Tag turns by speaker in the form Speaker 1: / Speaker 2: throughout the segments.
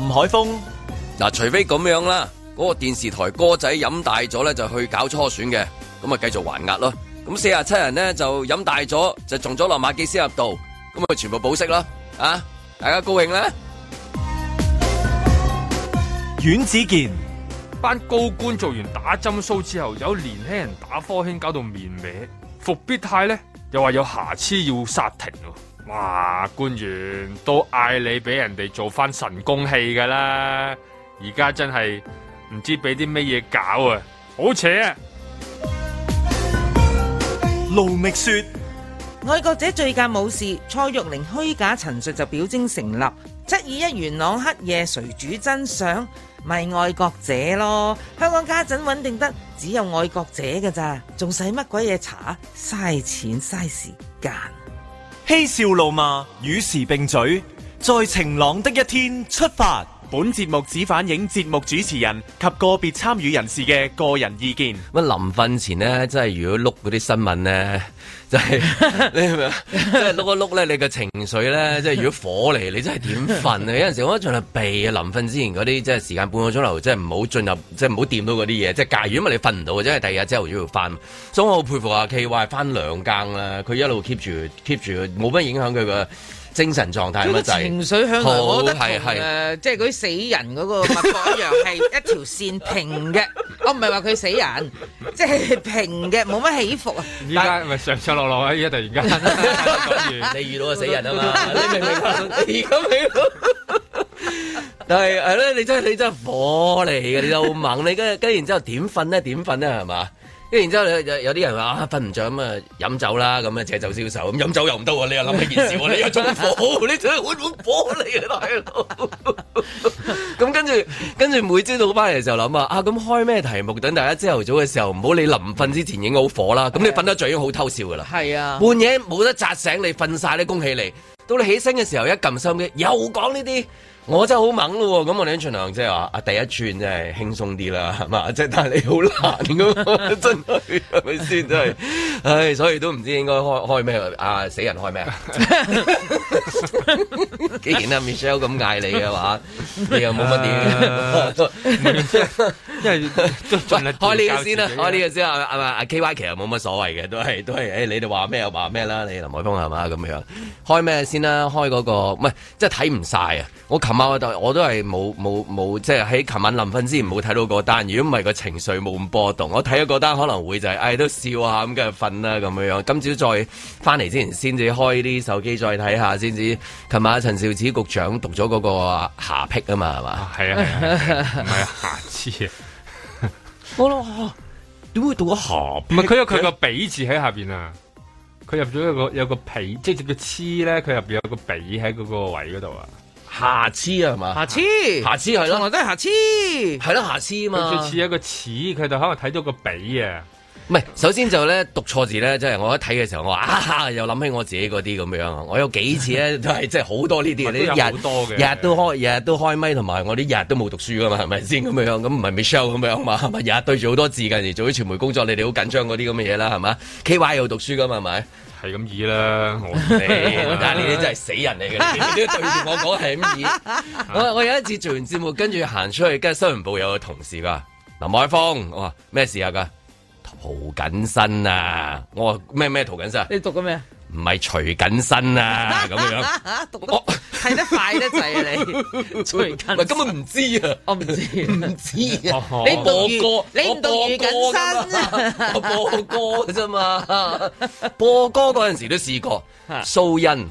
Speaker 1: 吳海峰，嗱，除非咁樣啦，嗰、那個電視台哥仔飲大咗咧，就去搞初選嘅，咁啊繼續還押咯。咁四十七人呢，就飲大咗，就中咗落馬基斯入道，咁
Speaker 2: 啊全部保釋啦。啊，大家高興啦。阮子健班高官做完打針 show 之後，有年輕人打科興，搞到面歪，復必泰呢，又話有瑕疵要煞停。哇！官員都嗌你俾人哋做翻神功戲噶啦！而家真係唔知俾啲咩嘢搞啊！好扯啊！
Speaker 3: 盧覓
Speaker 2: 雪：
Speaker 4: 愛國者最近冇事，蔡玉玲虛假陳述就表征成立。7.21元朗黑夜誰主真相，咪、就是、愛國者咯？香港家陣穩定得，只有愛國者噶咋？仲使乜鬼嘢查？嘥錢嘥時間。
Speaker 3: 嬉笑怒罵與時並舉，在晴朗的一天出發。本節目只反映節目主持人及個別參與人士嘅個人意見。乜臨瞓前呢，
Speaker 1: 真係如果碌嗰啲新聞呢。就係， 你係咪？啊？即係碌一碌咧，你嘅情緒咧，即係如果火嚟，你真係點瞓啊？ 有陣時我盡量避啊，臨瞓之前嗰啲，即係時間半個鐘頭，即係唔好進入，即係唔好掂到嗰啲嘢，即係假如果咪你瞓唔到，即係第二日朝頭早要翻。所以我好佩服阿 K Y 翻兩更啦，佢一路 keep 住，keep 住，冇乜影響佢嘅。精神狀態咁啊！就情緒向來冇好得誒，是啊、即係
Speaker 4: 嗰啲死人嗰個脈搏一樣係一條線平嘅。 我唔係話佢死人，即、就、係、是、平嘅，冇乜起伏
Speaker 2: 啊！依家咪上上落落啊！依家突然間 你遇到個死人啊嘛？
Speaker 1: 你
Speaker 4: 明
Speaker 2: 唔明白呀嘛，但係係咧，你真係你
Speaker 1: 真係火嚟嘅，你又猛，你跟跟完之後點瞓咧？點瞓咧？係嘛？跟住然之後有有啲人話啊，瞓唔着，咁啊飲酒啦，咁啊借酒消愁，咁飲酒又唔得喎，你又諗起件事喎、啊、 你又中火、啊、你真係玩火嚟啊大佬，咁跟住跟住每朝早翻嚟就諗啊啊咁、嗯、開咩題目，等大家朝頭早嘅時候唔好，你臨瞓之前影好火啦，咁你瞓得着已經好是、啊、偷笑噶啦，
Speaker 4: 係啊，半
Speaker 1: 夜冇得扎醒，你瞓晒咧，恭喜你，到你起身嘅時候一撳心機又講呢啲。我真係好猛咯，咁我哋盡量即係話，阿第一串真係輕鬆啲啦，係嘛？即係但係你好難咁、嗰個、 真係，係咪先？真係，唉，所以都唔知應該開開咩？阿、啊、死人開咩？ 既然阿 Michelle 咁嗌你嘅話，你又冇乜嘢。 啊、 因
Speaker 2: 為
Speaker 1: 開呢個先啦，先啊、開呢個先係嘛？阿、啊啊啊、K Y 其實冇乜所謂嘅，都係都係誒、欸，你哋話咩就話咩啦，你林海峰係嘛咁樣？開咩先啦、啊？開嗰、嗰個唔係、嗰個嗰個嗰個，即係睇唔晒。啊！我琴晚我都我都係冇冇冇，即係喺琴晚臨瞓之前冇睇到個單。如果唔係個情緒冇咁波動，我睇咗個單可能會就係、是、唉、哎、都笑下咁，跟住瞓啦咁樣樣。今朝再翻嚟之前，先至開啲手機再睇下先至。琴晚陳肇始局長讀咗嗰個霞癖啊嘛，係嘛？係
Speaker 2: 啊，唔係瑕疵。我話點會讀個下？唔係佢有佢個比字喺下邊啊！佢入咗一個有一個皮，即係只個黐咧。佢入邊有個比喺嗰個位嗰度啊！瑕疵啊嘛，瑕疵，瑕疵係咯，從來都係瑕疵，係咯瑕疵嘛。佢似一個似，佢就可能睇到個比啊。
Speaker 1: 唔係，首先就咧讀錯字咧，即係我一睇嘅時候，我話啊，又諗起我自己嗰啲咁樣。我有幾次咧， 都係即係好多呢啲，呢日日都開日日都開咪，同埋我啲日都冇讀書噶嘛，係咪先咁樣？咁唔係 Michelle 咁樣嘛，係咪日日對住好多字近而做啲傳媒工作，你哋好緊張嗰啲咁嘅嘢啦，係咪 KY 又讀書噶嘛，係咪？係咁易啦，我你，但係呢啲真係死人嚟嘅，你都對住我講係咁易。 我我有一次做完節目，跟住行出去，跟住新聞部有個同事噶，林海峰，我話咩事啊？噶陶謹新啊，我話咩咩陶謹新啊？你讀緊咩？唔係徐錦新啊，咁
Speaker 4: 樣，讀、啊、得快得滯啊！你徐錦，唔係根本唔知啊！我唔知，唔知，啊！你播歌，我播錦新，我播
Speaker 1: 歌啫嘛， 播歌嗰陣時都試過， 素欣。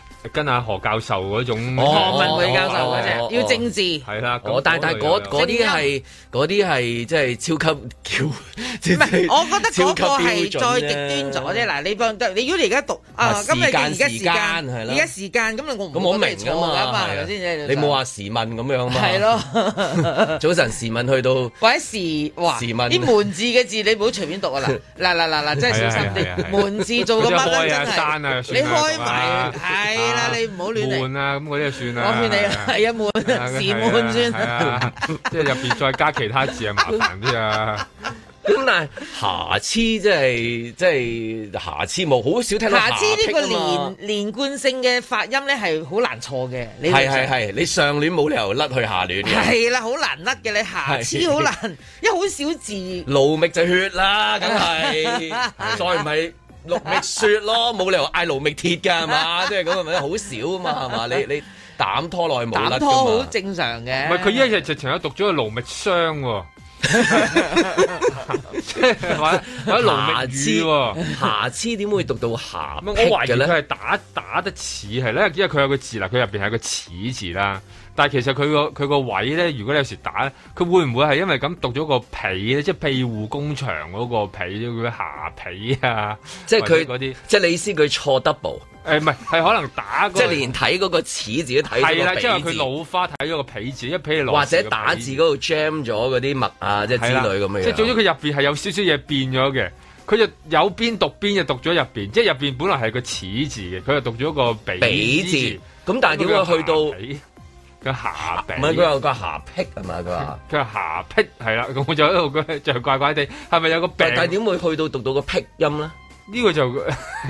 Speaker 2: 跟阿何教授嗰種，何，文匯教授
Speaker 4: 嗰隻，要正字，係啦。但但嗰啲係
Speaker 2: 嗰啲係即係超
Speaker 1: 級，唔係。我覺得嗰個係再極端咗啫。
Speaker 4: 嗱，你幫你如果你而家讀啊，咁咪而家時間係而家時間咁，我唔明先？你冇話
Speaker 1: 時問咁樣嘛？係咯，早晨時問去到，
Speaker 4: 或者時話，時問啲門字嘅字，你唔好隨便讀啊！嗱嗱嗱嗱，真係小心啲，門字做個乜真係，你開埋係。啦，你唔好亂嚟。換
Speaker 2: 啦，咁嗰啲就算啦。我勸你係
Speaker 4: 一換，字換算。係啊，
Speaker 2: 即係入面再加其他字啊，麻煩啲啊。
Speaker 1: 咁但係瑕疵即係即係瑕疵冇，好少聽到瑕疵。呢個連
Speaker 4: 連貫性嘅發音咧，係好難錯嘅。係係係，
Speaker 1: 你上聯冇理由甩去下聯。係
Speaker 4: 啦，好難甩嘅，你瑕疵好難，因為好少字。
Speaker 1: 勞覓就血啦，梗係再唔係。盧覓雪咯，冇理由嗌盧覓鐵噶，係、就是、嘛？即係咁啊，好少啊嘛，係嘛？你你膽拖耐冇啦，膽拖好
Speaker 4: 正常嘅。唔係佢一
Speaker 2: 日直情係讀咗個盧覓霜喎，係 咪？ 係盧覓魚，瑕疵點會讀到瑕？我懷疑佢係打打得似，係咧，因為佢有個字啦，佢入邊係個齒字啦。但係其實佢個佢個位咧，如果你有時打，佢會唔會係因為咁讀咗個皮咧？即係庇護工場嗰個皮，叫咩下皮啊？即係佢啲，即係你意思佢錯 double？誒，唔係、欸，係可能打、那個、即係連睇嗰個恥字都睇係啦，即係話佢老花睇咗個皮字，一皮落或者打字嗰
Speaker 1: 度 jam 咗嗰啲墨啊，即係
Speaker 2: 之類咁嘅。即係總之佢入邊係有少少嘢變咗嘅，佢就有邊讀邊就讀咗入邊，即係入邊本來係個恥字嘅，佢就讀咗個比，比字。咁字但係點解去到？ 個霞，唔係佢有個下
Speaker 1: 劈，係咪？佢話
Speaker 2: 佢話下劈係啦，咁我就喺度佢就怪怪地，係咪有個病？但係點會去到讀到個劈音咧？呢個就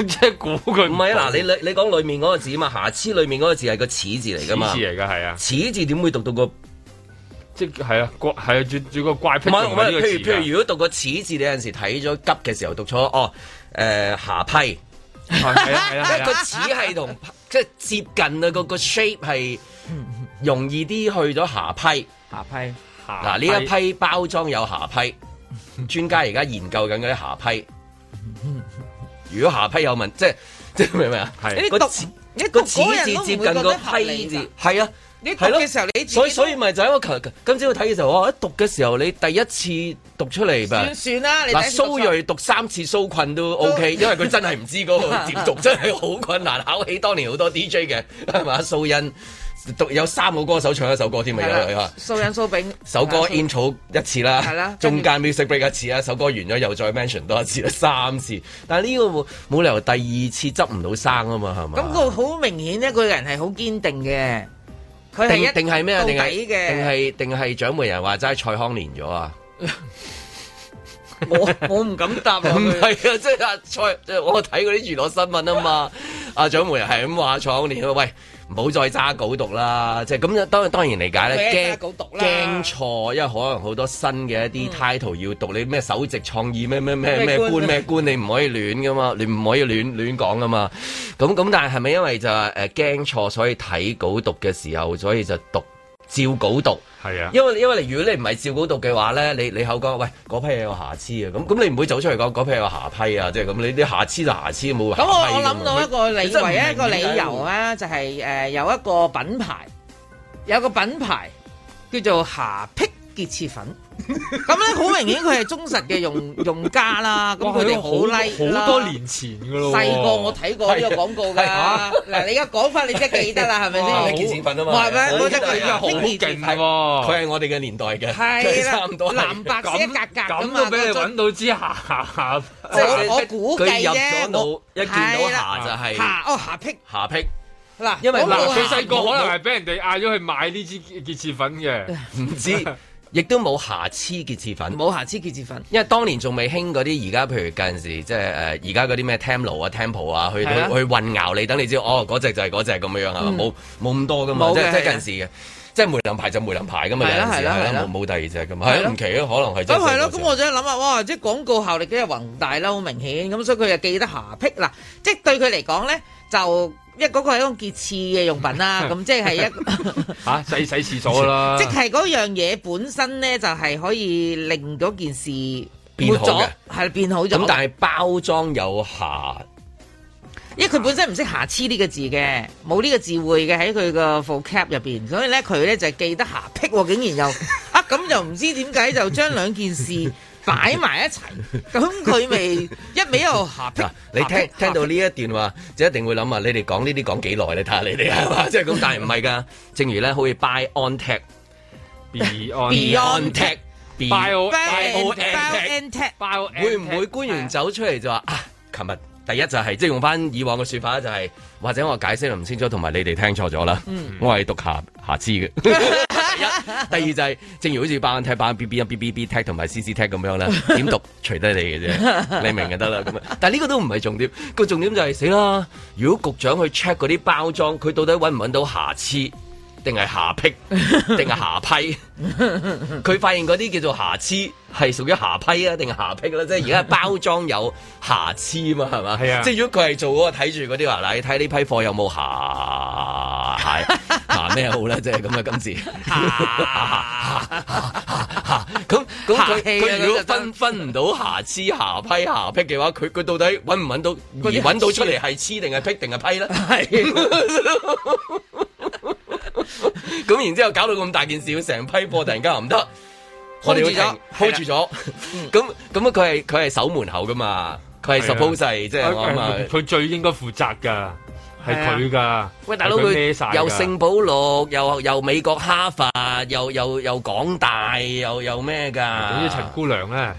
Speaker 2: 即係估佢。唔係啊，嗱，你
Speaker 1: 你你講裏面嗰個字嘛，瑕疵裏面嗰個字係個齒字嚟噶嘛？齒嚟噶係啊，
Speaker 2: 齒字點會讀到個即係啊？怪係啊不，轉轉個怪唔係唔係，譬如譬如，如, Skills, 嗎如
Speaker 1: 果讀個齒字，你有陣時睇咗急嘅時候讀錯哦，誒、欸，下劈係啊係啊，因為個齒係同即係接近啊，個個 shape 係。dad Ly man 容易啲去咗瑕批，瑕批，嗱呢一批包裝有瑕批，專家而家研究緊嗰啲瑕批。如果瑕批有問，即係即係明唔明啊？係個字，個字接近個批字，係啊，你讀嘅時候你，所以所以咪就喺我今朝我睇嘅時候，我一讀嘅時候你第一次讀出嚟吧。
Speaker 4: 算啦，嗱蘇
Speaker 1: 瑞讀三次蘇困都 OK，因為佢真係唔知嗰個點讀，真係好困難，考起當年好多 DJ 嘅係嘛蘇欣。有三個歌手唱一首歌添，咪有佢話。蘇
Speaker 4: 引蘇炳首歌
Speaker 1: intro 一次啦，係啦的，中間 music break 一次啦，首歌完咗又再 mention 多一次，啦，三次。但係呢個冇理由第二次執唔到生啊嘛，係嘛？咁
Speaker 4: 個好明顯，一個人係好堅定嘅。佢定定係咩 啊？定係定係？
Speaker 1: 定係獎門人話齋蔡康年咗啊？我我唔敢答。唔係啊，即係蔡，即係我睇嗰啲娛樂新聞啊嘛。阿獎、 啊、門人係咁話：蔡康年啊，喂！唔好再揸稿讀啦，即係咁，當然當然理解啦，驚稿讀啦，驚錯，因為可能好多新嘅一啲 title、嗯、要讀你，你咩首席創意咩咩咩咩官咩官，官，你唔可以亂噶嘛，你唔可以亂亂講噶嘛，咁咁，但係係咪因為就誒驚錯，所以睇稿讀嘅時候，所以就讀？照稿讀，係啊，因為因為如果你唔係照稿讀嘅話咧，你你口講，喂，嗰批嘢有瑕疵啊！咁咁你唔會走出嚟講嗰批有瑕疵啊，即係咁，你啲瑕疵就瑕疵，冇瑕疵。咁我我諗到一
Speaker 4: 個理，唯一一個理由咧、啊，就係、是、誒、呃、有一個品牌，有個品牌叫做霞癖潔廁粉。咁咧，好明顯佢係忠實嘅用用家啦。咁佢哋好 like 好多年
Speaker 2: 前噶咯。細個我
Speaker 4: 睇過呢個廣告噶。嗱，你而家講翻，你即係記得啦，係咪先？潔廁粉啊嘛。係咪？冇錯。佢
Speaker 1: 而家好
Speaker 2: 勁係。佢係我哋嘅年代嘅。
Speaker 4: 係啦。差唔多。藍白色格格。咁都
Speaker 2: 俾你搵到支下下下。即係我估計啫。佢入咗到一見到下就係下哦下撇下撇嗱，因為細個可能係俾人哋嗌咗去買呢支潔廁粉嘅，唔知。亦都冇瑕疵潔廁粉，冇瑕疵潔廁
Speaker 1: 粉。因為當年仲未興嗰啲而家，譬如嗰陣時即係誒，而家嗰啲咩 Temu 啊、Temple 啊，去去混淆你，等你知哦，嗰隻就係嗰隻咁樣嚇，冇冇咁多噶嘛，即係即係嗰陣時嘅，即係梅林牌就梅林牌咁嘛。有陣時係冇第二隻咁，係唔奇啊，可能係。咁係咯，咁
Speaker 4: 我就諗下，哇！即係廣告效力真係宏大啦，好明顯咁，所以佢又記得瑕癖嗱，即係對佢嚟講咧就。即係嗰個係一種潔廁嘅用品啦，咁 即係一
Speaker 2: 吓洗洗廁所啦。即係
Speaker 4: 嗰樣嘢本身咧，就係、是、可以令嗰件事變咗，嘅，係變好咗。咁但係包裝有瑕，下因為佢本身唔識瑕疵」呢個字嘅，冇呢個字彙嘅喺佢個 vocab 入邊，所以咧佢咧就係、記得瑕僻，竟然又 啊咁又唔知點解就將兩件事。 擺埋一齊，咁佢咪一味又合？
Speaker 1: 嗱，你聽聽到呢一段話，就一定會諗啊！你哋講呢啲講幾耐咧？睇下你哋係嘛，即係咁，但係唔係噶。正如咧，可以「
Speaker 2: BioNTech，BioNTech，BioNTech，BioNTech
Speaker 4: 會唔會
Speaker 1: 官員走出嚟就話啊？琴日第一就係、是，即、就、係、是，用翻以往嘅說法就係、是，或者我解釋唔清楚，同埋你哋聽錯咗啦。嗯、我係讀下下次嘅。 一第二就係，正如好似班踢板 B B B B B B 踢同埋 C C t 踢咁樣啦，點讀隨得你嘅啫，你明就得啦。咁但係呢個都唔係重點，個重點就係死啦！如果局長去 check 嗰啲包裝，佢到底揾唔揾到瑕疵？定係瑕癖？定係瑕批？佢 發現嗰啲叫做瑕疵，係屬於瑕批啊，定係瑕癖啦？即係而家包裝有瑕疵嘛？係嘛 吧？係啊！即係如果佢係做嗰個睇住嗰啲話，嗱，你睇呢批貨有冇瑕？瑕咩 好咧？即係咁啊！今次咁咁，佢佢如果分分唔到瑕疵、瑕批、瑕癖嘅話，佢佢到底揾唔揾到而揾到出嚟係黐定係癖定係批咧？係。 咁、嗯、然之後搞到咁大件事，成批貨突然間唔得，開住咗，hold 住咗。咁咁啊，嗯、啊，佢係佢係守門口噶嘛，佢係 suppose 即係
Speaker 2: 佢最應該負
Speaker 1: 責噶，係佢噶。喂，大佬佢又聖保羅，又又美國哈佛，又又又港大，又又咩噶？咁啲陳姑娘咧？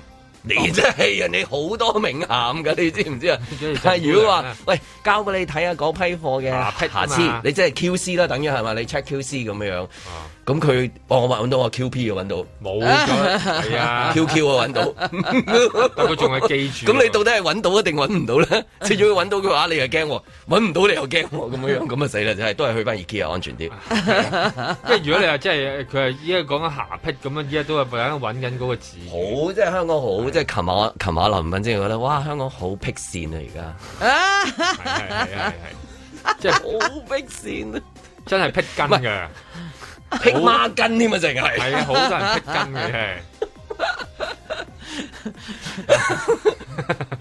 Speaker 1: 你真係啊，你好多名銜嘅，你知唔知啊？ 但係如果話， 喂，交俾你睇下嗰批貨嘅瑕疵， 你即係 QC 啦，等於係嘛？你 check QC 咁樣。 咁佢幫我搵到個 Q P 啊，搵到冇係啊，Q Q 啊搵到， 但佢仲係記住。咁你到底係搵到定搵唔到咧？如果搵到嘅話，你又驚；搵
Speaker 2: 唔到你又驚。咁樣樣咁啊死啦！真係都係去翻熱 key 安全啲。即係 如果你話即係佢係依家講緊下劈咁啊，依家都係突然搵緊嗰個字。好，
Speaker 4: 即係香港
Speaker 1: 好，的即係琴晚琴晚，琴晚我臨瞓覺得哇，香港好劈線啊！而家係係係係，啊、 真係好劈線
Speaker 2: 真係劈根嘅。笑
Speaker 1: 劈孖筋添啊，淨係係啊，好多人劈筋嘅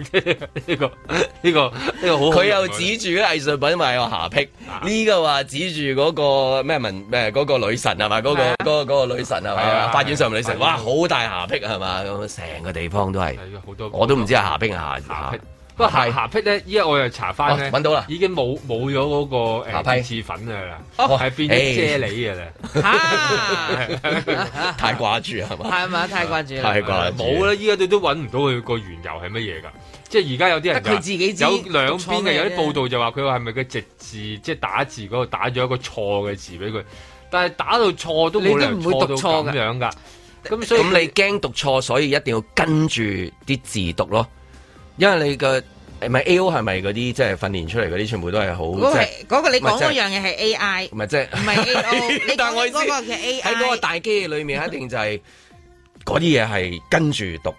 Speaker 1: 係呢個呢、
Speaker 3: 呢個呢個好，佢又指
Speaker 1: 住啲藝術品話有瑕癖。呢個話指住嗰個咩文誒嗰個女神係咪？嗰、嗰個、啊嗰個、嗰個女神係嘛、啊啊啊，法院上面女神，哇好大瑕癖，係嘛，咁成個地方都係，好、啊、多，多我都唔知係瑕癖，啊，瑕。個鹹鹹
Speaker 2: 批咧，依家我又查翻咧，揾到啦，已經冇冇咗嗰個批字粉啊啦，哦，係變咗啫喱嘅啦，太掛住係嘛，係嘛，太掛住，太掛住，冇啦，依家你都揾唔到佢個原由係乜嘢㗎？即係而家有啲人佢自己有兩邊嘅有啲報道就話佢話係咪佢直字即係打字嗰個打咗一個錯嘅字俾佢，但係打到錯都冇你唔會讀錯咁樣㗎，咁所以咁你驚讀錯，所以一定要跟
Speaker 1: 住啲字讀咯，因為你嘅。唔係 A O 係咪嗰啲即係訓練出嚟嗰啲？全部都係好即係嗰個你講嗰樣
Speaker 4: 嘢係 A I，唔係即係唔係 A O。你但係我意思喺嗰個大機器裏面，一定就係
Speaker 1: 嗰啲嘢係跟住讀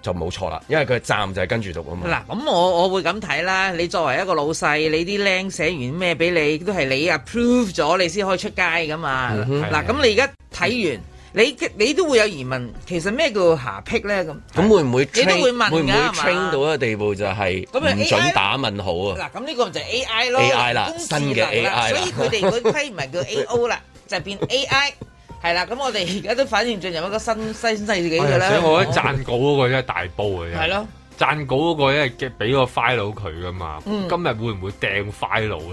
Speaker 1: 就冇錯啦， 因為佢站就係跟住讀啊嘛。嗱，
Speaker 4: 咁 Quốc、啊、我我會咁睇啦。你作為一個老細，你啲靚寫完咩俾你，都係你啊 approve 咗，你先可以出街噶嘛。嗱，咁你而家睇完。你你都會有疑問，其實咩叫下癖咧咁？咁
Speaker 1: 會唔會 ined, 你都會問啊？會唔會傾到一個地步就係唔准打問號 AI? 啊？嗱，
Speaker 4: 咁呢個就係 A I 咯，A I 啦，AI 了新嘅 A I 所以佢哋嗰批唔係叫 A O 啦， 就變 A I 係啦。咁、啊呃、我哋而家都反應進入一個新西新世紀㗎啦。我覺得撰
Speaker 2: 稿嗰個真係大煲啊，係咯。讚稿個個咧，嘅俾個 file 佢噶嘛，嗯、今日會唔會掟 file 咧？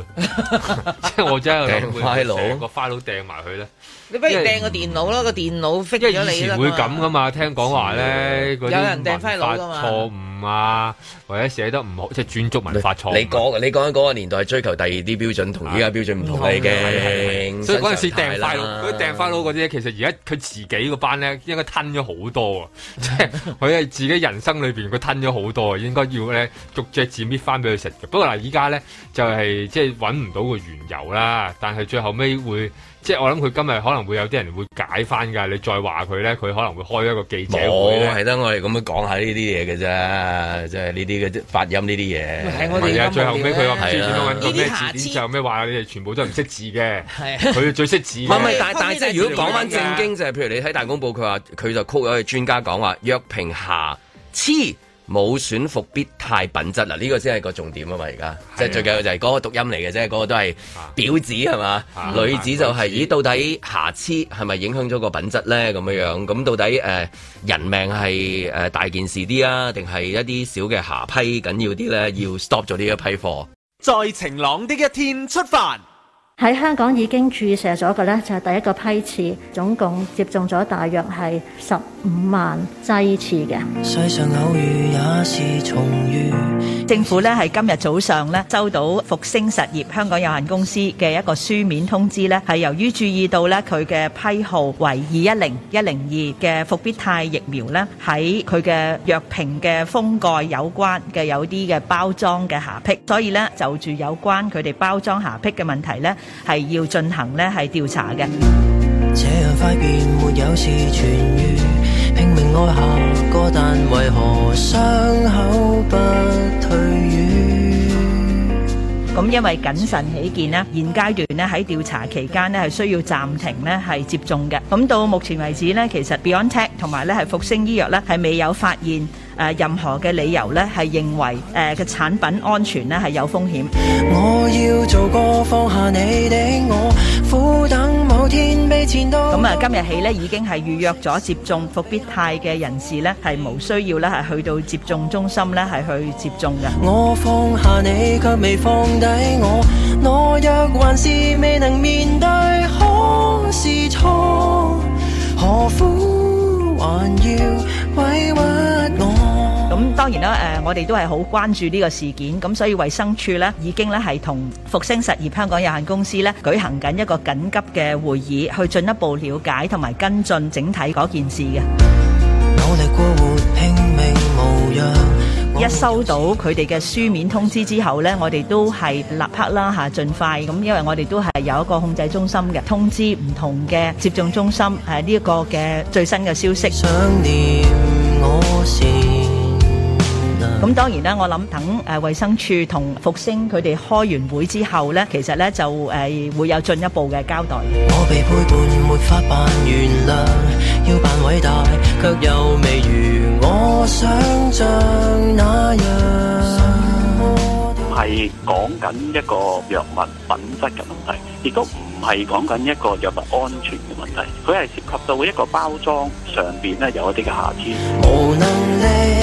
Speaker 2: 即係我真係會唔會個 file 掟埋佢咧？
Speaker 4: 你不如掟個電腦咯，個電腦 fit 咗你啦嘛。即係以前會咁噶嘛，
Speaker 2: 聽講話咧，有人掟 file 噶嘛，錯誤。嘛、啊，或者寫得唔好，即係專注文化創。你講，你講
Speaker 1: 喺嗰個年代追求第二啲標準，同依家標準唔同嘅。所以嗰陣時掟大陸，嗰啲掟翻
Speaker 2: 佬嗰啲咧，其實而家佢自己個班咧，應該吞咗好多啊！ 即係佢喺自己人生裏邊，佢吞咗好多啊！應該要咧，逐隻字搣翻俾佢食。不過嗱，依家咧就係、是、即係搵唔到個緣由啦。但係最後尾會。即係我諗佢今日可能會有啲人會解翻噶，你再話佢咧，佢可能會開一個記者會咧。冇係得，我哋咁樣講下呢啲嘢嘅啫，即係呢啲嘅啫，發音呢啲嘢。係我、嗯啊嗯、最後尾、嗯，佢話知點樣搵到咩字，然後咩話你哋全部都唔識字嘅。佢、啊、最識字。唔係唔但係但係，如果講翻正經、
Speaker 1: 就係，就係譬如你喺《大公報》，佢話佢就曲咗個專家講話，若平下痴。冇選服必太品質嗱，呢個先係個重點啊嘛！而家即係最緊要就係嗰個讀音嚟嘅啫，嗰、那個都係婊子係嘛？啊、女子就係、是啊、咦？到底瑕疵係咪影響咗個品質咧？咁樣樣咁、嗯嗯、到底誒、呃、人命係誒、呃、大件事啲啊，定係一啲小嘅瑕疵緊要啲咧？嗯、要 stop 咗呢一批貨。
Speaker 3: 在晴朗的一天出發。
Speaker 5: 喺香港已經注射咗嘅咧，就係、是、第一個批次，總共接種咗大約係十五萬劑次嘅。世上偶遇也是重遇。政府咧係今日早上咧收到復星實業香港有限公司嘅一個書面通知咧，係由於注意到咧佢嘅批號為二一零一零二嘅復必泰疫苗咧，喺佢嘅藥瓶嘅封蓋有關嘅有啲嘅包裝嘅瑕疵，所以咧就住有關佢哋包裝瑕疵嘅問題咧。係要進行咧，係調查嘅。這樣快便沒有，有事痊癒，拼命愛下個，但為何傷口不退瘀？咁因為謹慎起見啦，現階段咧喺調查期間咧係需要暫停咧係接種嘅。咁到目前為止咧，其實 BioNTech 同埋咧係復星醫藥咧係未有發現。誒，任何嘅理由咧，係認為誒嘅產品安全咧係有風險。我要做過放下你的我，苦等某天被纏到。咁啊，今日起咧已經係預約咗接種復必泰嘅人士咧，係無需要咧係去到接種中心咧係去接種嘅。我放下你，卻未放低我。我若還是未能面對，可是錯。何苦還要委屈？咁當然啦，誒，我哋都係好關注呢個事件，咁所以衛生署咧已經咧係同復星實業香港有限公司咧舉行緊一個緊急嘅會議，去進一步瞭解同埋跟進整體嗰件事嘅。一收到佢哋嘅書面通知之後咧，我哋都係立刻啦嚇，盡快咁，因為我哋都係有一個控制中心嘅通知，唔同嘅接種中心係呢一個嘅最新嘅消息。咁當然咧，我諗等誒衛生署同復星佢哋開完會之後咧，其實咧就誒會有進一步嘅交代。係講緊一
Speaker 6: 個藥物品質嘅問題，亦都唔係講緊一個藥物安全嘅問題。佢係涉及到一個包裝上面咧有一啲嘅瑕疵。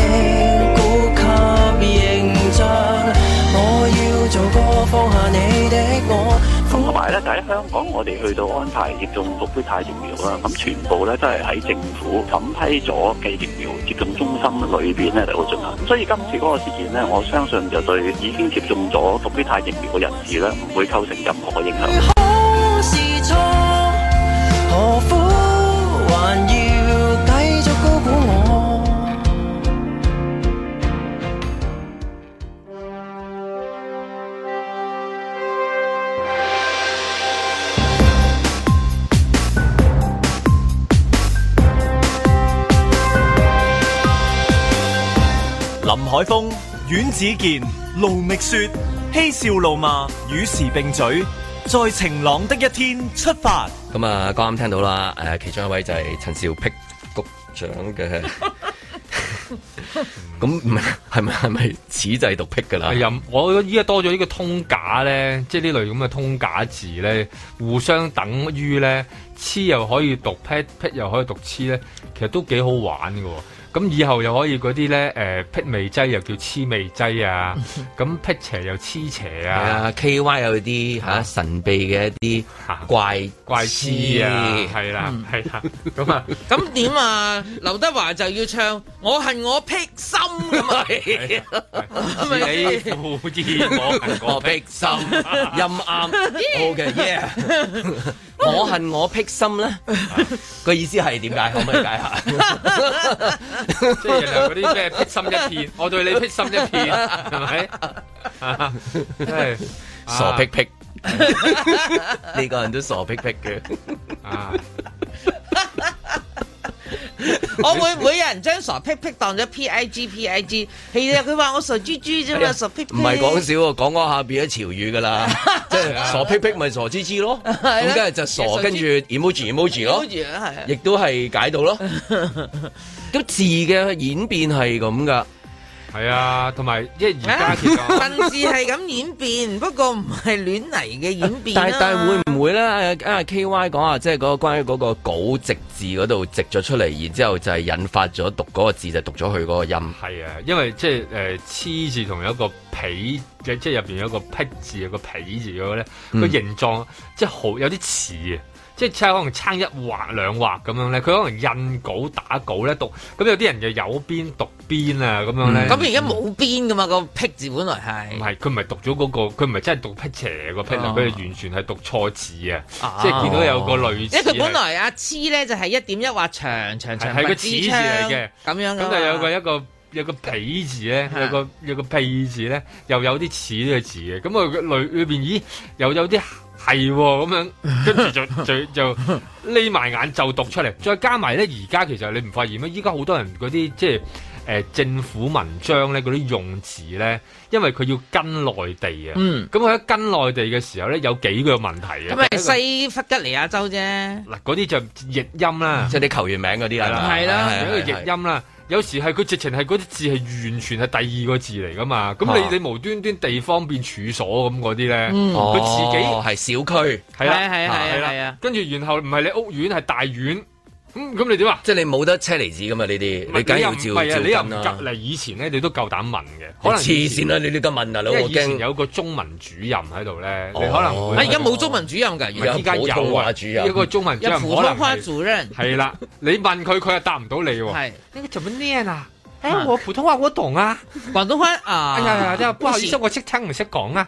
Speaker 5: 咁同埋咧，就喺、嗯、香港我哋去到安排接種復必
Speaker 1: 泰疫苗啦，咁全部咧都係喺政府審批咗嘅疫苗接種中心裏邊咧嚟到進行。所以今次嗰個事件呢，我相信就對已經接種咗復必泰疫苗嘅人士呢，唔會構成任何嘅影響。
Speaker 3: 林海峰、阮子健、盧覓雪、嬉笑怒罵、與時並嘴，在晴朗的一天出發。咁啊，啱啱聽
Speaker 1: 到啦，誒，其中一位就係陳少辟局長嘅。
Speaker 2: 咁唔係，係咪係咪？此就係讀辟噶啦。係任、嗯、我依家多咗呢個通假咧，即係呢類咁嘅通假字咧，互相等於咧，黐又可以讀辟，辟又可以讀黐咧，其實都幾好玩嘅。咁以後又可以嗰啲咧，誒辟味劑又叫黐味劑啊，咁辟邪又黐邪啊，K Y 有啲嚇神秘嘅一啲怪怪事啊，係啦，係啦，咁啊，
Speaker 4: 咁點啊？劉德華就要唱我恨我辟心，咁你喜歡我恨我辟
Speaker 7: 心，音啱，好嘅，yeah。我恨
Speaker 1: 我辟心咧，個意思係點解？可唔可以解下？即係人哋嗰啲咩辟心一片，我對你辟心一片，係咪？真係傻辟辟，呢個人都傻辟辟嘅。
Speaker 4: 我每每人將傻屁屁當咗 P I G P I G，其實，佢話我傻豬豬啫嘛，傻屁屁。唔係講
Speaker 1: 笑，講嗰、哎、呀下變咗潮語噶啦，即係 傻屁屁咪傻豬豬咯，咁梗係就傻，傻跟住 emoji emoji 咯，亦都係解到咯。咁 字嘅演變係咁噶。係啊，同埋即係而家，其實文
Speaker 4: 字係咁演變， 不過唔係亂嚟嘅演變，啊但。但係但係會
Speaker 1: 唔會咧？啊 K Y 講啊，即係嗰個關於嗰個稿直字嗰度直咗出嚟，然之後就係引發咗讀嗰個字就是，讀咗佢嗰個音。係
Speaker 2: 啊，因為即係誒，黐、呃、字同一個皮，即係入邊有一個撇字有個皮字嗰咧，那個、嗯、形狀，即係好有啲似啊。即係可能差一畫兩畫咁樣咧，佢可能印稿打稿咧讀，咁有啲人就有邊讀邊啊咁樣咧。咁而家冇
Speaker 4: 邊噶嘛，個僻字本來係。
Speaker 2: 唔係佢唔係讀咗嗰、那個，佢唔係真係讀辟邪、那個辟啦，佢完全係讀錯字啊！即係見到有個類似、啊。因為佢本來
Speaker 4: 阿黐咧就係一點一畫長長長，係、嗯、個齒字嚟嘅。咁樣咁。咁就有個
Speaker 2: 一個有個撇字咧，有個有個撇字咧，又、啊、有啲似呢個字嘅，咁啊裏裏邊咦又有啲。係咁樣，跟住就就就匿埋眼就讀出嚟，再加埋咧。而家其實你唔發現咩？依家好多人嗰啲即係誒、呃、政府文章咧，嗰啲用詞咧，因為佢要跟內地啊。嗯，咁佢喺跟內地嘅時候咧，有幾個問題啊。咁咪西
Speaker 4: 弗吉尼亞州啫。
Speaker 2: 嗱，嗰啲就譯音啦，即係啲球員名嗰啲啦。係啦的，係啦的，係啦的，譯音啦。有時係佢直情係嗰啲字係完全係第二個字嚟㗎嘛，咁你、啊、你無端端地方變處所咁，嗰啲咧，佢、嗯、自己係、哦、小區，係啦係啦係啦，跟住然後唔係你屋苑係大院。咁你點啊？即係你冇得車厘子噶嘛？呢啲你梗係要照照問啦。隔嚟以前咧，你都夠膽問嘅。可能黐線啦，你你得問啊，老我驚。有個中文主任喺度咧，你可能。啊，而家冇中文主
Speaker 4: 任噶，而家有啊，主任。一個中文主任。普通
Speaker 2: 話主任。係啦，你問佢，佢又答唔到你。係。你點樣念啊？哎，我普通話我懂啊，廣東話啊。哎呀不好意思，我識聽唔識講啊。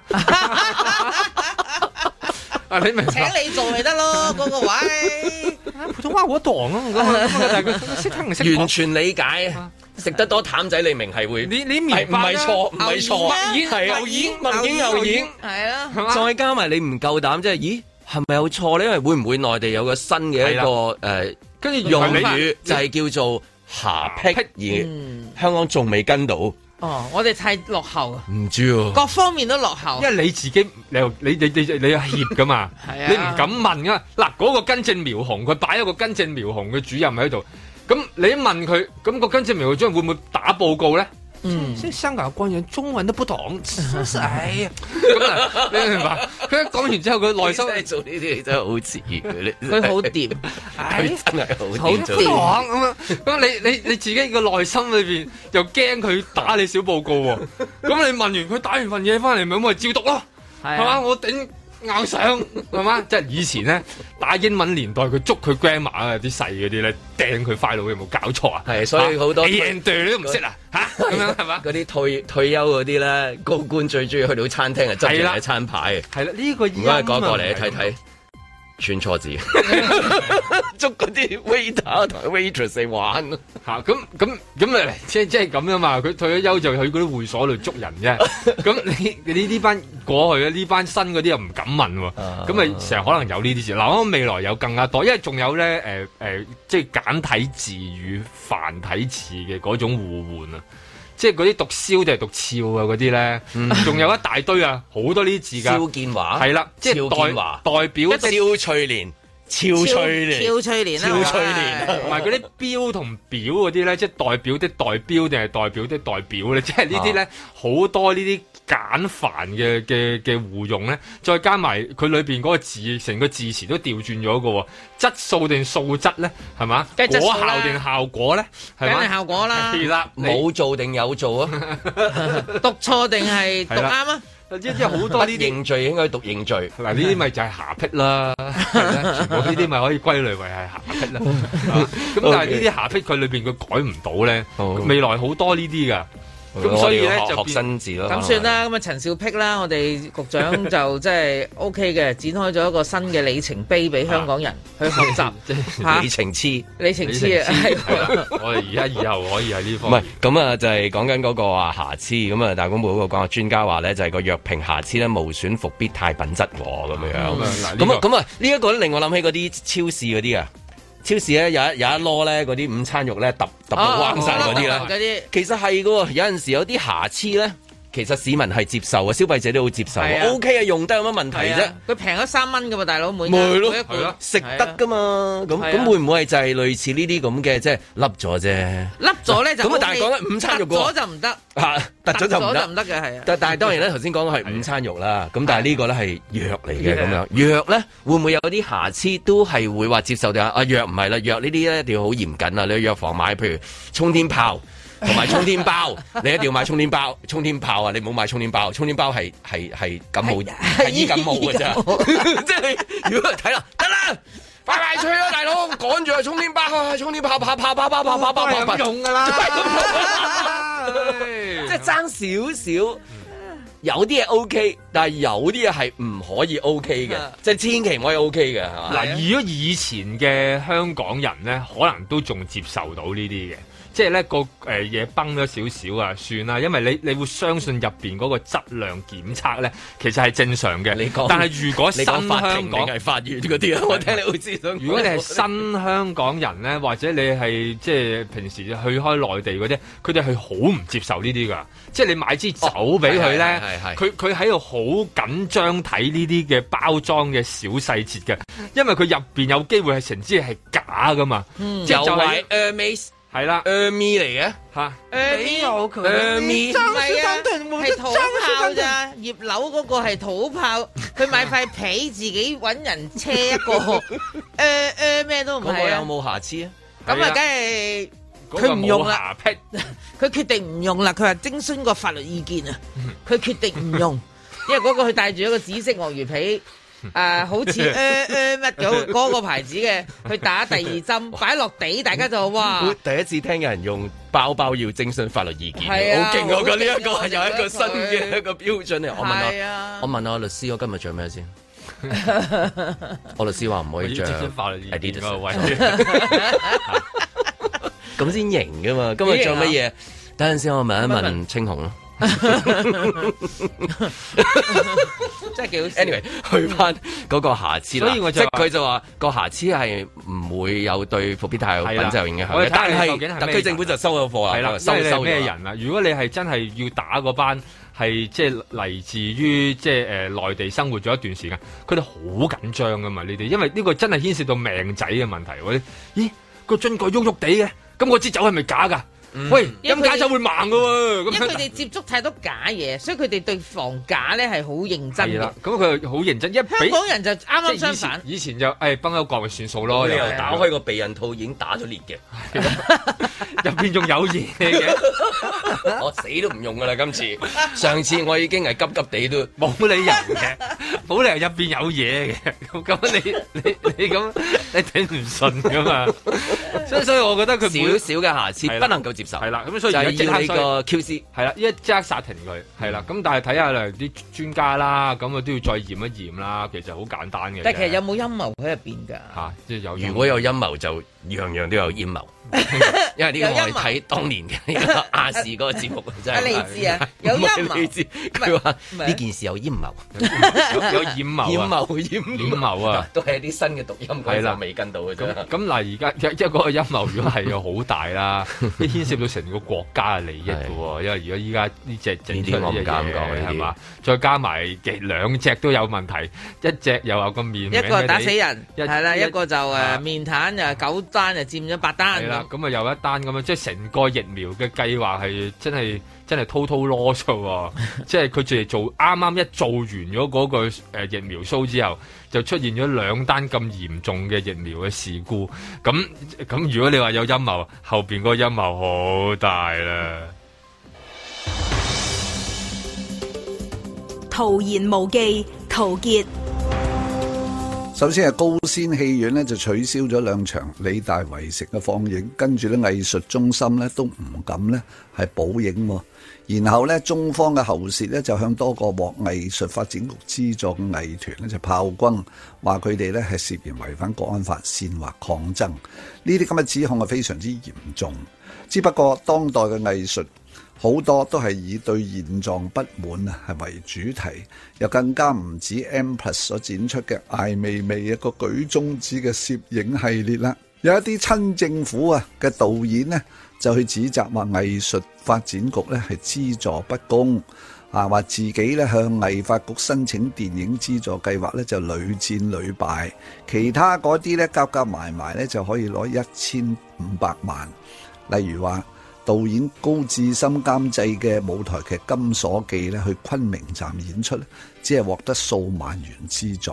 Speaker 4: 請你做咪得咯，嗰個
Speaker 1: 位。普通話我蕩啊，我識聽唔識講。完全理解，食得多淡仔你明係會。你你明唔係錯唔係錯啊？咦，係啊，鹽、文、鹽、牛、鹽，
Speaker 7: 係啊。再
Speaker 1: 加埋你唔夠膽，即係咦，係咪有錯咧？因為會唔會內地有個新嘅一個誒，跟住用語就係叫做霞僻而，香港
Speaker 2: 仲未跟到。
Speaker 4: 哦，我哋太落後，唔知各方面都落後，因為
Speaker 2: 你自己又你你你你怯㗎嘛， 是啊、你唔敢問啊！嗱，嗰個根正苗紅，佢擺咗個根正苗紅嘅主任喺度，咁你問佢，咁、嗰個根正苗紅主任會唔會打報告咧？嗯，即係香港官員中文都不懂，真係哎呀！咁你
Speaker 1: 明白？佢一講完之後，佢內心 做呢啲嘢真係好自然 頂，佢好掂，佢真
Speaker 8: 係好好掂。咁
Speaker 2: 樣咁你你你自己個內心裏邊又驚佢打你小報告喎？咁你問完佢打完份嘢翻嚟，咪我咪照讀咯，係嘛？ 我頂。咬上係嘛？即係以前咧打英文年代，佢捉佢 grandma 啊，啲細嗰啲咧掟佢快樂，有冇搞錯啊？係，所以好多 granddaughter 都唔識啊！
Speaker 1: 吓那？咁樣係嘛？嗰啲對吧退退休嗰啲咧，高官最中意去到餐廳啊的，執住睇餐
Speaker 2: 牌。係啦，呢、這個唔該，過過嚟睇睇。串錯字， 捉嗰啲 waiter 同 waitress 嚟玩吓咁咁咁啊，即係即係咁啊嘛，佢退咗休就去嗰啲會所度捉人啫，咁、嗯、你你呢班過去咧，呢班新嗰啲又唔敢問、啊，咁咪成日可能有呢啲事，嗱，我未來有更加多，因為仲有咧，誒、呃、誒，即係簡體字與繁體字嘅嗰種互換啊。即係嗰啲讀燒定係讀俏啊？嗰啲咧，仲、嗯、有一大堆啊，好多呢啲字噶。蕭 了建華係啦，即係代建華代表蕭翠蓮。超翠蓮，超翠
Speaker 4: 蓮啦，超翠蓮，同
Speaker 2: 埋嗰啲標同表嗰啲咧，即係代表啲代表定係代表啲代表咧，即係呢啲咧好多呢啲簡繁嘅嘅嘅互用咧，再加埋佢裏邊嗰個字，成個字詞都調轉咗嘅，質素定素質咧，係嘛？即係效、果效定效果咧，梗係效果啦，係啦，冇你
Speaker 1: 做定有做啊？ 讀錯定係讀啱
Speaker 2: 啊？即係好多啲認罪應該讀認罪，嗱呢啲咪就係下癖啦， 全部呢啲咪可以歸類為係下癖啦。咁 但係呢啲下癖，佢裏邊佢改唔到咧，未來好多呢啲噶。咁所以咧就學新字囉，咁算
Speaker 4: 啦，咁啊陳少鵬啦，我哋局長就真係 O K 嘅，展開咗一個新嘅里程碑俾香港人去學習，即係里程痴，李程痴啊！
Speaker 2: 我哋而家以後可以喺呢
Speaker 1: 方。唔係咁啊，就係講緊嗰個啊瑕疵咁啊，大公報嗰個講啊專家話咧，就係個藥瓶瑕疵咧無損復必泰品質喎咁樣樣。咁啊咁啊，呢一個咧令我諗起嗰啲超市嗰啲啊。超市呢有一有一攞呢嗰啲午餐肉呢揼揼到彎晒嗰啲啦，嗰啲，哦、其實係嘅喎，有陣時有啲瑕疵呢。其實市民係接受啊，消費者都好接受啊，O K 啊，用得有乜問題啫？
Speaker 4: 佢平咗三蚊噶嘛，大佬每每日食得噶嘛，咁咁會
Speaker 1: 唔會係就係類似呢啲咁嘅即係甩咗啫？甩
Speaker 4: 咗咧就咁啊！但係講咧，午餐肉過咗就唔得
Speaker 1: 吓，突咗就唔得嘅係啊！但係當然咧，頭先講嘅係午餐肉啦，咁但係呢個咧係藥嚟嘅咁樣，藥咧會唔會有啲瑕疵都係會話接受嘅啊？藥唔係啦，藥呢啲一定要好嚴謹啊，你去藥房買，譬如沖天炮。同埋沖天包，你一定要買沖天包、沖天炮啊！你唔好買沖天包，沖天包係係係感冒藥，係醫感冒嘅咋，即係如果睇啦，得啦，
Speaker 4: 快快脆啦，大佬，
Speaker 1: 趕住去沖天包，沖天炮，啪啪啪啪
Speaker 2: 啪啪啪冇用噶啦，
Speaker 1: 即係爭少少，有啲嘢 OK，但係有啲
Speaker 2: 嘢係唔可以 OK 嘅，即係千祈唔可以 OK 嘅，係嘛？嗱，如果以前嘅香港人咧，可能都仲接受到呢啲嘅。即係咧個誒嘢崩咗少少啊，算啦，因為你你會相信入邊嗰個質量檢測咧，其實係正常嘅。你講說，但係如果新香港係法，法院嗰啲啊，我聽你會知。如果你係新香港人咧，或者你係即係平時去開內地嗰啲，佢哋係好唔接受呢啲噶。即係你買支酒俾佢咧，佢佢喺度好緊張睇呢啲嘅包裝嘅小細節嘅，因為佢入邊有機會係成支係假噶嘛。嗯，就係就係係啦 a m 嚟嘅吓。Army，Army，
Speaker 4: 唔係啊，係土炮咋？葉柳嗰個係土炮，佢買塊皮，自己搵人車一個，誒誒咩都唔係。嗰個有冇
Speaker 1: 瑕疵啊？咁啊，
Speaker 4: 梗係佢唔用啦，佢決定唔用啦。佢話徵詢個法律意見啊，佢決定唔用，因為嗰個佢戴住一個紫色鱷魚皮。誒，好似誒誒乜嗰個牌子嘅去打第二針，擺落地大家就哇！
Speaker 1: 第一次聽有人用包包要徵詢法律意見，好勁，我覺呢一個係有一個新嘅一個標準嚟。我問下，我問下律師我今日着咩先？我律師話唔可以着，法律咁先型㗎嘛？今日着乜嘢？等陣先我問一問青紅啦。即係幾 Anyway 去翻嗰個瑕疵。所以佢就話個瑕疵係唔會有對復必
Speaker 2: 泰有影響的但係是特區政府就收咗貨啊，的收咗收。咩人啊？如果你係真係要打嗰班，係即係嚟自於即係誒內地生活咗一段時間，佢哋好緊張噶嘛你哋，因為呢個真係牽涉到命仔嘅問題。咦動動動我咦個樽蓋喐喐地嘅，咁我支酒係咪假噶？喂，飲假酒會盲嘅，因為佢哋
Speaker 4: 接觸太多假嘢，所以佢哋對防假咧係好認真。係啦，
Speaker 2: 咁佢好認真，一比香港人
Speaker 4: 就啱啱相反。
Speaker 2: 以前就誒崩口角咪算數咯，你又打開個避孕套已經打咗裂嘅，入邊仲有嘢嘅，
Speaker 1: 我死都唔用噶啦今次。上次我已經係急急地都冇理人嘅。
Speaker 2: 好嚟，入邊有嘢嘅，咁咁你你你咁你頂唔順噶嘛？所 以所以我覺得佢少少嘅瑕疵，不能夠接受。係啦，咁所以就要個 QC，係啦，殺嗯、一即刻殺停佢，係啦。咁但係睇下嚟啲專家啦，咁啊都要再驗一驗啦。其實好簡單嘅。
Speaker 4: 但係其實有冇陰謀喺入邊噶？
Speaker 2: 吓，如果有陰
Speaker 1: 謀就會。樣樣都有陰謀，因為呢個我係睇當年嘅亞視嗰個節目，真係。你知啊，有陰謀，佢話呢件事有陰謀，有陰謀，
Speaker 2: 陰謀啊，都
Speaker 1: 係啲新嘅讀音，係啦，未
Speaker 2: 跟到嘅咁咁。嗱，而家即係嗰個陰謀，如果係有好大啦，啲牽涉到成個國家嘅利益嘅喎，因為如果依家呢隻整出嚟咁講，係嘛？再加埋兩隻都有問題，一隻又有個面，一個打死人，
Speaker 4: 係啦，一個就誒面癱又狗。單就佔咗八單，係啦了，
Speaker 2: 咁啊又一單咁樣， 即係成個疫苗嘅計劃係真係真係 total loss，即係佢仲嚟，做啱啱一做完咗嗰，那個誒，呃、疫苗 show 之後，就出現咗兩單咁嚴重嘅疫苗嘅事故，咁咁如果你話有陰謀，後邊個陰謀好大啦。
Speaker 5: 徒然無忌，陶傑。
Speaker 9: 首先係高先戲院咧就取消咗兩場理大圍城嘅放映，跟住咧藝術中心咧都唔敢咧係補映、哦。然後咧中方嘅喉舌咧就向多個獲藝術發展局資助嘅藝團咧就炮轟，話佢哋咧係涉嫌違反國安法煽惑抗爭，呢啲咁嘅指控係非常之嚴重。只不過當代嘅藝術。好多都係以對現狀不滿啊係為主題，又更加唔止 M+ 所展出嘅艾未未一個舉中指嘅攝影系列啦。有一啲親政府啊嘅導演咧，就去指責話藝術發展局咧係資助不公啊，話自己咧向藝發局申請電影資助計劃咧就屢戰屢敗，其他嗰啲咧夾夾埋埋咧就可以攞一千五百萬，例如話。導演高志森監製嘅舞台劇《金鎖記》咧，去昆明站演出咧，只係獲得數萬元資助。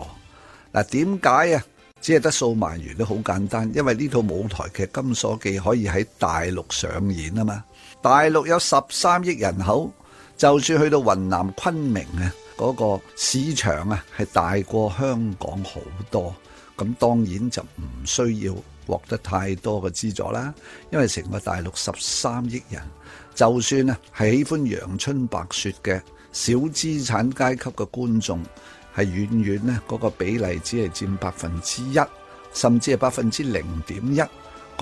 Speaker 9: 嗱，點解啊？只係得數萬元都好簡單，因為呢套舞台劇《金鎖記》可以喺大陸上演啊嘛。大陸有十三億人口，就算去到雲南昆明啊，嗰個市場啊係大過香港好多，咁當然就唔需要。獲得太多嘅資助啦，因為成個大陸十三億人，就算啊係喜歡陽春白雪嘅小資產階級嘅觀眾，係遠遠呢嗰個比例只係佔百分之一，甚至係百分之零點一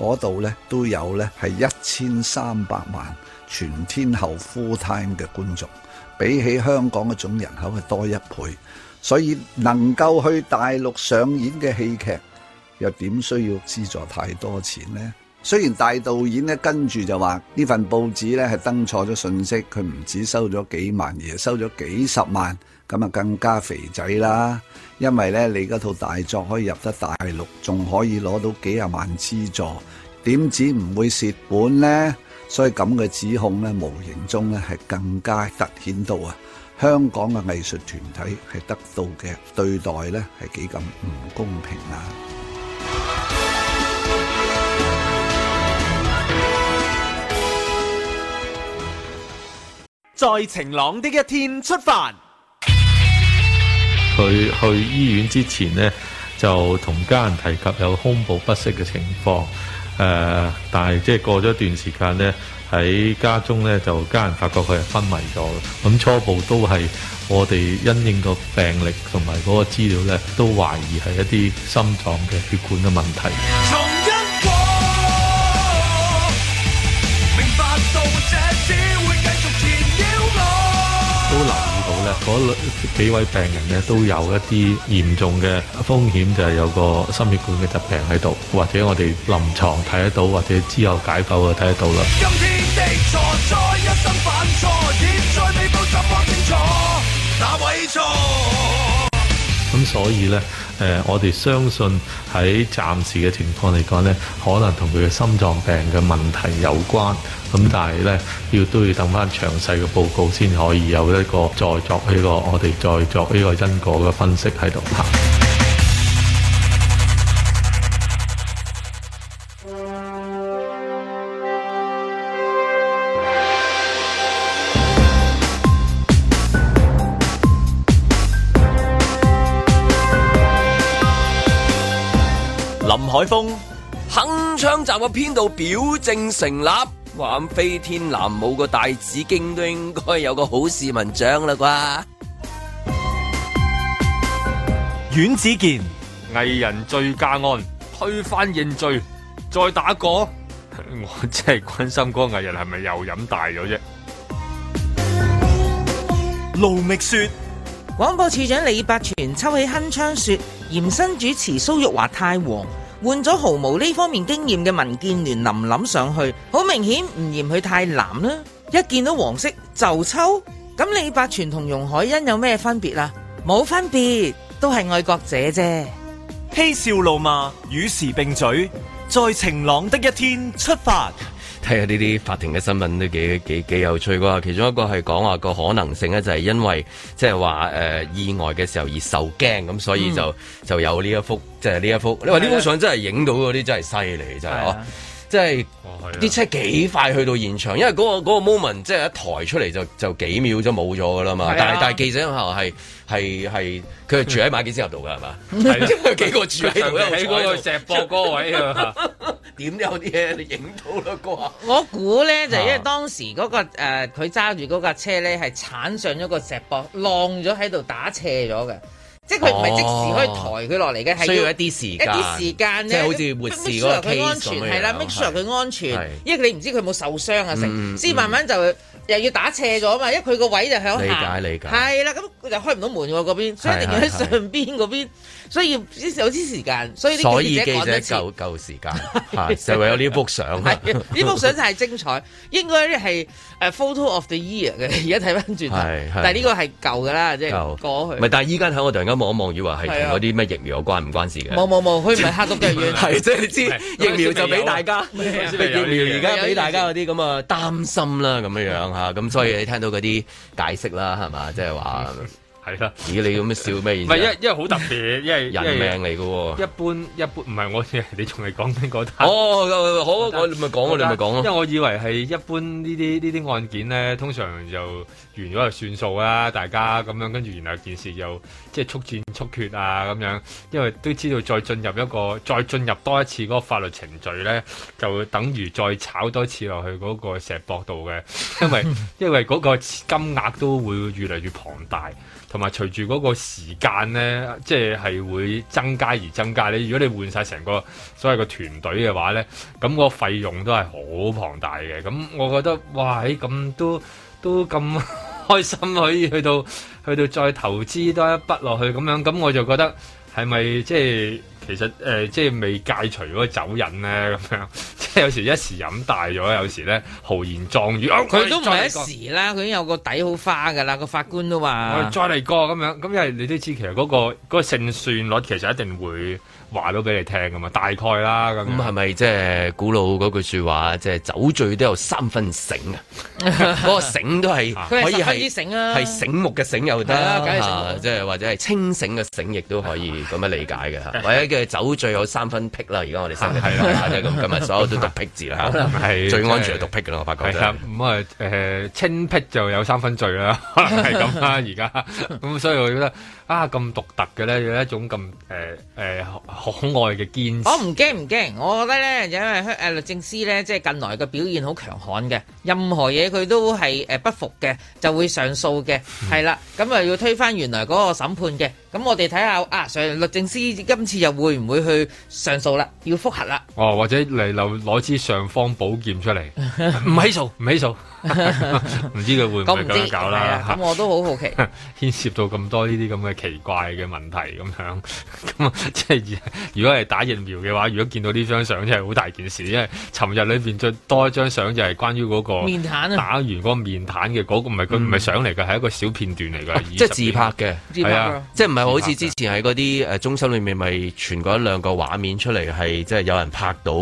Speaker 9: 嗰度呢，都有呢係一千三百萬全天候 full time 嘅觀眾，比起香港嘅總人口係多一倍，所以能夠去大陸上演嘅戲劇。又點需要資助太多錢咧？雖然大導演咧跟住就話呢份報紙咧係登錯咗信息，佢唔止收咗幾萬，而係收咗幾十萬，咁啊更加肥仔啦。因為咧你嗰套大作可以入得大陸，仲可以攞到幾廿萬資助，點止唔會蝕本咧？所以咁嘅指控咧，無形中咧係更加突顯到啊，香港嘅藝術團體係得到嘅對待咧係幾咁唔公平啊！
Speaker 3: 在晴朗的一天出發。
Speaker 6: 佢去醫院之前呢，就同家人提及有胸部不適嘅情況。誒、呃，但係即係過咗一段時間呢。喺家中咧就家人發覺佢係昏迷咗，咁初步都係我哋因應個病歷同埋嗰個資料咧，都懷疑係一啲心臟嘅血管嘅問題。都留意到咧，嗰幾位病人咧都有一啲嚴重嘅風險，就係有個心血管嘅疾病喺度，或者我哋臨床睇得到，或者之後解剖就睇得到啦。今咁所以呢，誒、呃，我哋相信喺暫時嘅情況嚟講呢，可能同佢嘅心臟病嘅問題有關。咁但係呢，要都要等翻詳細嘅報告先可以有一個再作呢個，我哋再作呢個因果嘅分析喺度。
Speaker 1: 我編到表證成立，玩飛天南舞個大紫
Speaker 2: 荊都應該有個好市民獎啦啩。阮子健藝人醉駕案推翻認罪，再打過 我真係關心嗰個藝人係咪又飲大咗啫？
Speaker 4: 盧覓雪，廣播處長李百全抽起鏗鏘說，嫌新主持蘇玉華太黃。換咗毫無呢方面經驗嘅民建聯林林上去，好明顯唔嫌佢太藍啦。一見到黃色就抽，咁李百全同容海恩有咩分別啊？冇分別，都係愛國者啫。
Speaker 1: 嬉笑怒罵，與時並嘴，在晴朗的一天出發。係啊！呢啲法庭嘅新聞都幾幾幾有趣㗎。其中一個係講話個可能性咧，就係因為即係話誒意外嘅時候而受驚，咁所以就、嗯、就、就有呢一幅即係呢一幅。即係呢一幅嗯、你話呢幅相真係影到嗰啲真係犀利真係哦。的即係啲、哦啊、車幾快去到現場，因為嗰、嗰個嗰個 moment 即係一抬出嚟就就幾秒就冇咗㗎啦嘛。啊、但係但係記者又係係係佢住喺馬景仙入度㗎係嘛？啊、
Speaker 7: 因為幾個住喺度，喺嗰個石博嗰位
Speaker 4: 啊？點 有啲嘢你影到咯啩？我估咧就係、因為當時嗰、嗰個佢揸住嗰架車咧係鏟上咗個石博，浪咗喺度打斜咗嘅。即係佢唔係即時可以抬佢落嚟嘅，係需要一啲時間，一啲時間咧。即係好似活屍嗰個氣餒嚟㗎。係啦，make sure 佢安全，因為你唔知佢有冇受傷啊，成先慢慢就又要打斜咗啊嘛，因為佢個位就向下。理解理解。係啦，咁佢就開唔到門喎嗰邊，所以一定要喺上邊嗰邊。所以有啲時間，所以啲記者講得夠
Speaker 1: 夠時間，就為咗呢幅相。呢幅相就
Speaker 4: 係精彩，應該係誒 photo of the year 嘅。而家睇翻轉，但係呢個係舊噶啦，即係過去。唔係，
Speaker 1: 但係依家響我突然間望一望，以為係同嗰啲咩疫苗有關唔關事嘅？
Speaker 4: 冇冇冇，佢唔係黑毒嘅嘢。係即係知疫苗就俾大家，疫苗而家俾大
Speaker 1: 家有啲咁啊擔心啦，咁樣樣嚇。咁所以你聽到嗰啲解釋啦，係嘛？即係話。
Speaker 2: 係啦，咦你咁樣笑咩意思？唔係， 因因為好特別，因為 人命嚟嘅喎。一般一般唔係，我你仲未講緊嗰單。哦，好，好 我你咪講咯，你咪講咯。因為我以為係一般呢啲呢啲案件呢，通常就完咗就算數啦。大家咁樣跟住，原來件事又即係速戰速決啊咁樣。因為都知道再進入一個再進入多一次嗰個法律程序呢，就等於再炒多一次落去嗰個石博度嘅。因為 因為嗰個金額都會越嚟越龐大。同埋隨住嗰個時間咧，即係係會增加而增加，你如果你換晒成個所謂個團隊嘅話呢，咁個費用都係好龐大嘅。咁我覺得哇，咁、哎、都都咁開心可以去到去到再投資多一筆落去咁樣，咁我就覺得係咪即係？其實誒、呃，即係未戒除嗰個酒癮咧，咁樣即係有時一時飲大咗，有時咧豪言壯語。佢、啊哎、都唔係一時
Speaker 4: 啦，佢已經有個底好花噶啦，個法官都話。再嚟
Speaker 2: 過咁樣，咁因為你都知，其實嗰、那個嗰、那個勝算率其實一定會話到俾你聽噶嘛，大概啦咁。咁係咪即係古老嗰句說話，即、就、係、是、酒醉都有三分醒 啊？嗰
Speaker 1: 個醒都係、啊啊、可以係
Speaker 4: 醒啊，係醒
Speaker 1: 目嘅醒又得啊，即係或者係清醒嘅醒，亦都可以咁樣理解嘅嘅。 酒醉有三分癖啦，而家我哋生活就咁，今日所有都讀癖字啦，係 的最安全係讀癖嘅啦，的我發覺係啊，
Speaker 2: 唔係誒，清癖就有三分醉啦，可能係咁啦，而家咁，所以我覺得。啊咁獨特嘅咧，有一種咁誒誒可愛嘅堅持。我唔
Speaker 4: 驚唔驚，我覺得咧，因為誒律政司咧，即係近來嘅表現好強悍嘅，任何嘢佢都係誒不服嘅，就會上訴嘅，係啦。咁啊要推翻原來嗰個審判嘅。咁我哋睇下啊，上律政司今次又會唔會去上訴啦？要覆核啦。
Speaker 2: 哦，或者嚟攞攞支尚方寶劍出嚟。唔起訴，唔起訴。唔 知佢會唔會咁樣搞啦？咁、啊、我都好好奇，牽 涉到咁多呢啲咁嘅奇怪嘅問題咁樣，咁即係如果係打疫苗嘅話，如果見到呢張相，真係好大件事，因為尋日裏邊最多一張相，就係關於嗰個，個面癱打完嗰個面癱嘅嗰個唔係佢唔係相嚟嘅，係、嗯、一個小片段嚟嘅，啊、年即係自拍嘅，係啊，即係唔係好
Speaker 1: 似之前喺嗰啲誒中心裏面咪傳過一兩個畫面出嚟，係即係有人拍到。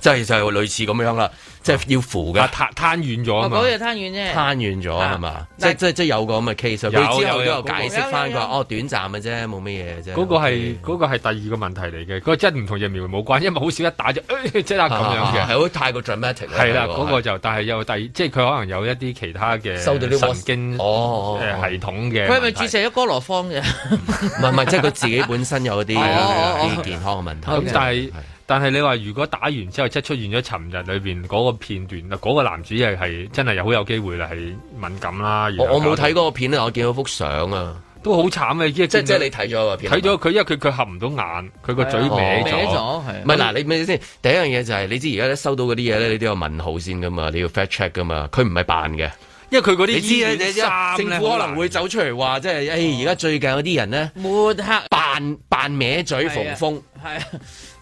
Speaker 1: 即係就係類似咁樣啦，即係要扶嘅，攤攤軟咗嘛，嗰個
Speaker 4: 攤軟啫，攤
Speaker 2: 軟咗係嘛，即係即係即係有個咁嘅 case，之後都有解釋翻佢，哦，短暫嘅啫，冇乜嘢嘅啫。嗰個係個係第二個問題嚟嘅，佢真係唔同疫苗冇關，因為好少一打就即係咁樣嘅，係好太過 dramatic 係啦，嗰個就但係又第，即係佢可能有一啲其他嘅收到神經哦系統嘅。佢係咪注
Speaker 4: 射咗哥羅芳嘅？
Speaker 2: 唔係唔係，即係佢自己本身有啲啲健康嘅問題，但係。但係你話，如果打完之後即係出現咗尋日裏邊嗰個片段嗰個男主角係，真係好有機會啦，係敏感啦。我冇睇嗰個片啊，我見到幅相啊，都好慘嘅。即係即係你睇咗嗰片，睇咗佢，因為佢佢合唔到眼，佢個嘴歪咗。唔係嗱，你咩先？第一樣
Speaker 1: 嘢就係你知而家收到嗰啲嘢咧，你都要問號先噶嘛，你要 fact check 噶嘛。佢唔係扮嘅，因為佢嗰啲衣服衫咧，政府可能會走出嚟，話，即係誒，而家最近有啲人咧，抹黑扮扮歪嘴逢風
Speaker 4: 係。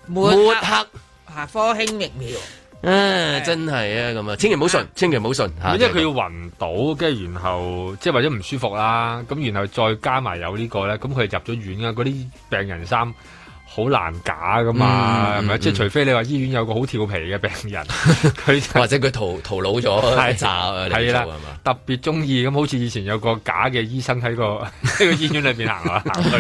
Speaker 4: 抹黑吓科興疫苗，
Speaker 2: 誒真係啊咁啊，啊 千祈唔好信，啊、千祈唔好信吓，因為佢要暈倒，跟住然後即係或者唔舒服啦，咁然後再加埋有呢、這個咧，咁佢入咗院啊，嗰啲病人衫。好難假噶嘛，係咪？即係除非你話醫院有個好調皮嘅病人，佢或者佢逃逃佬咗，太渣啦！係啦，特別中意咁，好似以前有個假嘅醫生喺個喺個醫院裏邊行啊，行
Speaker 4: 去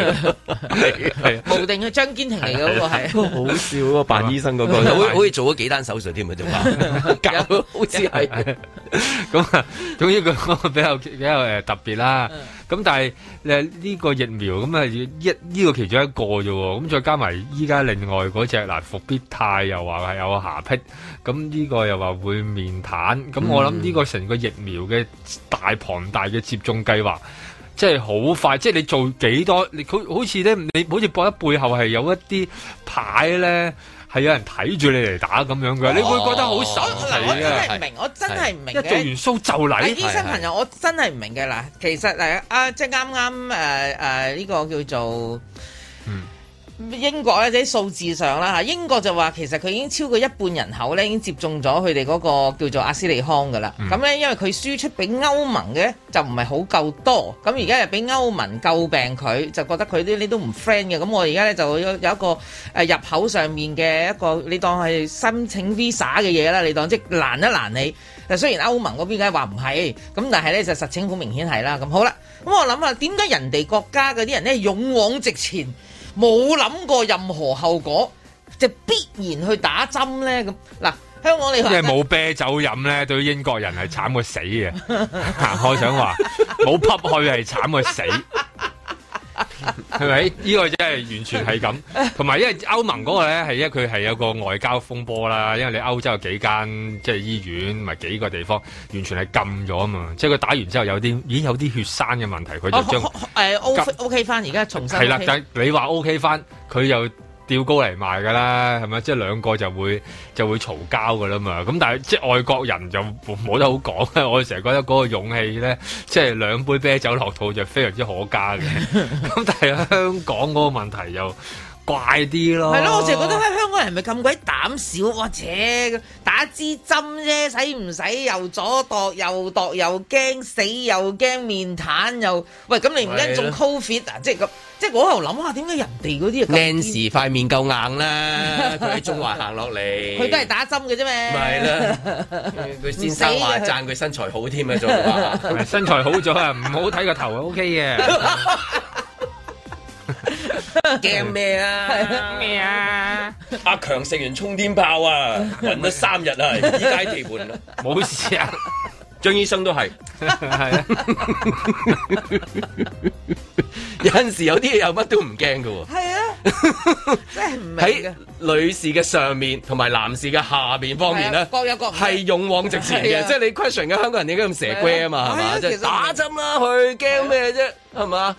Speaker 4: 係無定係張堅庭嚟嗰個係，好
Speaker 2: 笑啊！扮醫生嗰個，好似做咗幾單手術添啊，仲扮假，好似係咁啊！總之佢比較比較誒特別啦。咁但係誒呢個疫苗咁啊一，呢，這個其中一個啫喎，咁再加埋依家另外嗰隻嗱復必泰又話係有下癖。咁，這，呢個又話會面癱，咁我諗呢個成個疫苗嘅大龐大嘅接種計劃，即係好快，即係你做幾多，佢好似咧你好似博得背後係有一啲牌咧。係有人睇住你嚟打咁樣嘅，哦、你會覺得好爽。氣，我真係唔明，我真係唔明。一做完 show 是就嚟啲新朋友，
Speaker 4: 是我真係唔明嘅啦。其實嗱，啊，即係啱啱誒誒呢個叫做嗯。英國即數字上啦嚇，英國就話其實佢已經超過一半人口咧已經接種咗佢哋嗰個叫做阿斯利康嘅啦。咁咧、嗯、因為佢輸出俾歐盟嘅就唔係好夠多，咁而家又俾歐盟詬病佢，就覺得佢啲呢都唔 friend 嘅。咁我而家咧就有一個誒、啊、入口上面嘅一個，你當係申請 visa 嘅嘢啦，你當即難一難你。但雖然歐盟嗰邊梗係話唔係，咁但係咧就實情好明顯係啦。咁好啦，咁我諗下點解人哋國家嗰啲人咧勇往直前？冇諗過任何後果，就必然去打針咧咁。嗱，香港你話即係冇
Speaker 2: 啤酒飲咧，對英國人係慘過死嘅。 我想話冇 pub 去係慘過死。 係咪？呢、 這個真係完全係咁，同埋因為歐盟嗰個咧，係因為佢係有個外交風波啦。因為你歐洲有幾間即係醫院，唔係幾個地方，完全係禁咗啊嘛。即係佢打完之後有啲已經有啲血栓嘅問題，佢就將
Speaker 4: 誒 O O K 翻。而家重新係、OK、啦，但
Speaker 2: 係你話 O K 翻，佢又。吊高嚟賣噶啦，係咪？即係兩個就會就會嘈交噶啦嘛。咁但係即係外國人就冇得好講，我成日覺得嗰個勇氣咧，即係兩杯啤酒落肚就非常之可嘉嘅。咁但係香港嗰個問題又怪啲咯。係 咯樂，我成日覺得
Speaker 4: 香港人咪咁鬼膽小。我切懂之，打支針啫，使唔使又左度又右度又驚死又驚面癱又？喂，咁你唔跟中 Covid 啊？即係咁。 即係我喺度諗下點解人哋嗰啲 Nancy
Speaker 1: 塊面夠硬啦？佢喺中華行落嚟，佢都
Speaker 4: 係打針嘅啫咩？唔係啦，佢先生話讚
Speaker 1: 佢身材好添啊，仲話
Speaker 2: 身材好咗啊，唔好睇個頭啊，OK 嘅。
Speaker 4: 驚咩啊？咩啊？
Speaker 2: 阿強食完衝天炮啊，
Speaker 1: 暈咗三日啊，跌低地盤，冇事啊。 張醫生 都係，係啊，有陣時有啲嘢又乜都唔驚嘅喎。啊，真
Speaker 7: 係唔明喺
Speaker 1: 女士嘅上面同埋男士嘅下面方面咧， 各有各係勇往直前嘅， 是啊、即係你 question 嘅香港人應該點解咁蛇龜 是啊嘛吧，係嘛？即打針啦，佢驚咩啫？係嘛？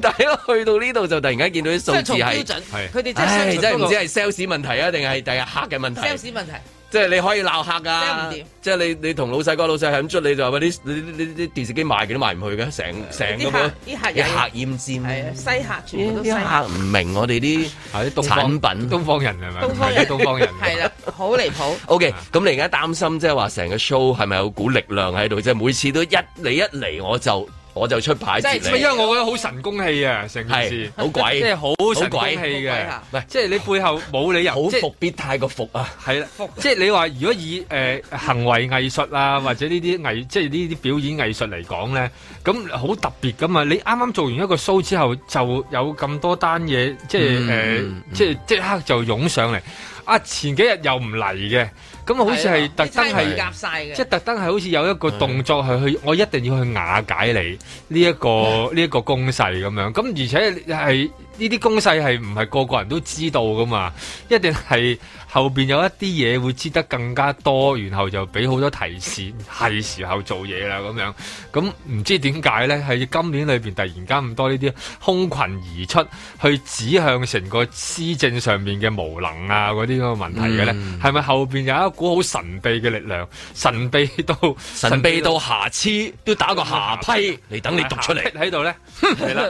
Speaker 1: 但係去到呢度就突然間見到啲數字係，佢哋真係真係唔知係 sales 問題啊，定係第日客嘅問題？sales 問題。即係你可以鬧客㗎，即係你你同老細講，老細係咁捽，你，你就話啲你啲電視機賣嘅都賣唔去嘅，成成個啲客啲個客厭戰，係啊
Speaker 4: 西客全部西客唔、欸、
Speaker 1: 明我哋啲產品東，東方人係咪？東方人東方人
Speaker 4: 係啦，好 離
Speaker 1: 譜。O K，咁你而家擔心即係話成個 show 係咪有股力量喺度？即、就、係、是、每次都一
Speaker 2: 你一嚟我就。我就出牌，即係咪？因為我覺得好神功氣啊，成件事好鬼，即係好神功氣嘅。唔係，即係你背後冇理由，好服必太過服啊，係啦。即係你話如果以誒行為藝術啊，或者呢啲藝，即係呢啲表演藝術嚟講咧，咁好特別㗎嘛！你啱啱做完一個 show 之後，就有咁多單嘢，即係誒，即係即刻就湧上嚟。啊！前幾日又唔嚟嘅，咁啊，好似係特登係夾曬嘅，即係特登係好似有一個動作係去，我一定要去瓦解你呢一個呢一 個攻勢咁樣。咁而且係呢啲攻勢係唔係個個人都知道噶嘛？一定係。後邊有一啲嘢，會知得更加多，然後就俾好多提示，係 時候做嘢啦咁樣。咁唔知點解咧？係今年裏邊突然間咁多呢啲空群而出，去指向成個施政上面嘅無能啊，嗰啲嗰個問題嘅咧，係咪、嗯、後邊有一股好神秘嘅力量？神秘到神秘到瑕疵都打個瑕疵，嚟等你讀出嚟喺度咧。係 啦，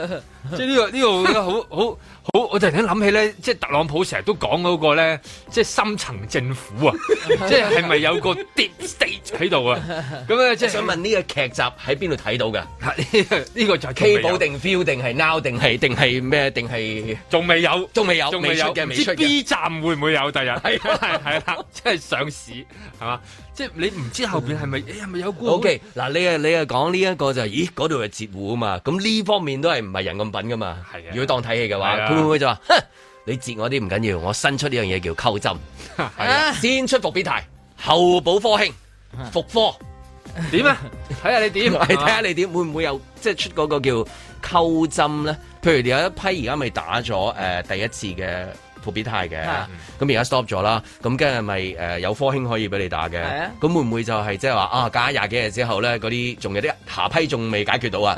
Speaker 2: 即係、呢、呢個呢、呢個、呢個、好好好，好，我突然間諗起咧，即係特朗普成日都講嗰個咧，即係。深層政府啊， 即係咪有個 deep state 喺度啊？咁咧即係想問呢個劇集
Speaker 1: 喺邊度睇到噶？呢個呢個就 K 定 Feel 定係 Now 定係定係咩？定係
Speaker 2: 仲未有？仲未有？仲未有？未知 B 站會唔會有第日？係啦， 即係上市係嘛？即係你唔知後邊係咪係咪有官？O K
Speaker 1: 嗱，你啊你啊講呢一個就係，咦嗰度係截戶啊嘛？咁呢方面都係唔係人咁品噶嘛？係啊的。如果當睇戲嘅話，的會唔會就話你截我啲唔緊要，我新出呢樣嘢叫溝針，係啊， 先出復必泰，後補科興，復科點啊？睇下你點，係，睇下 你點，會唔會有，即係出嗰個叫溝針咧？譬如你有一批而家咪打咗誒、呃、第一次嘅。復必泰嘅，咁而家 stop 咗啦，咁跟住咪誒有科興可以俾你打嘅，咁、啊、會唔會就係即係話啊，隔一廿幾日之後咧，嗰啲仲有啲下批仲未解決到啊，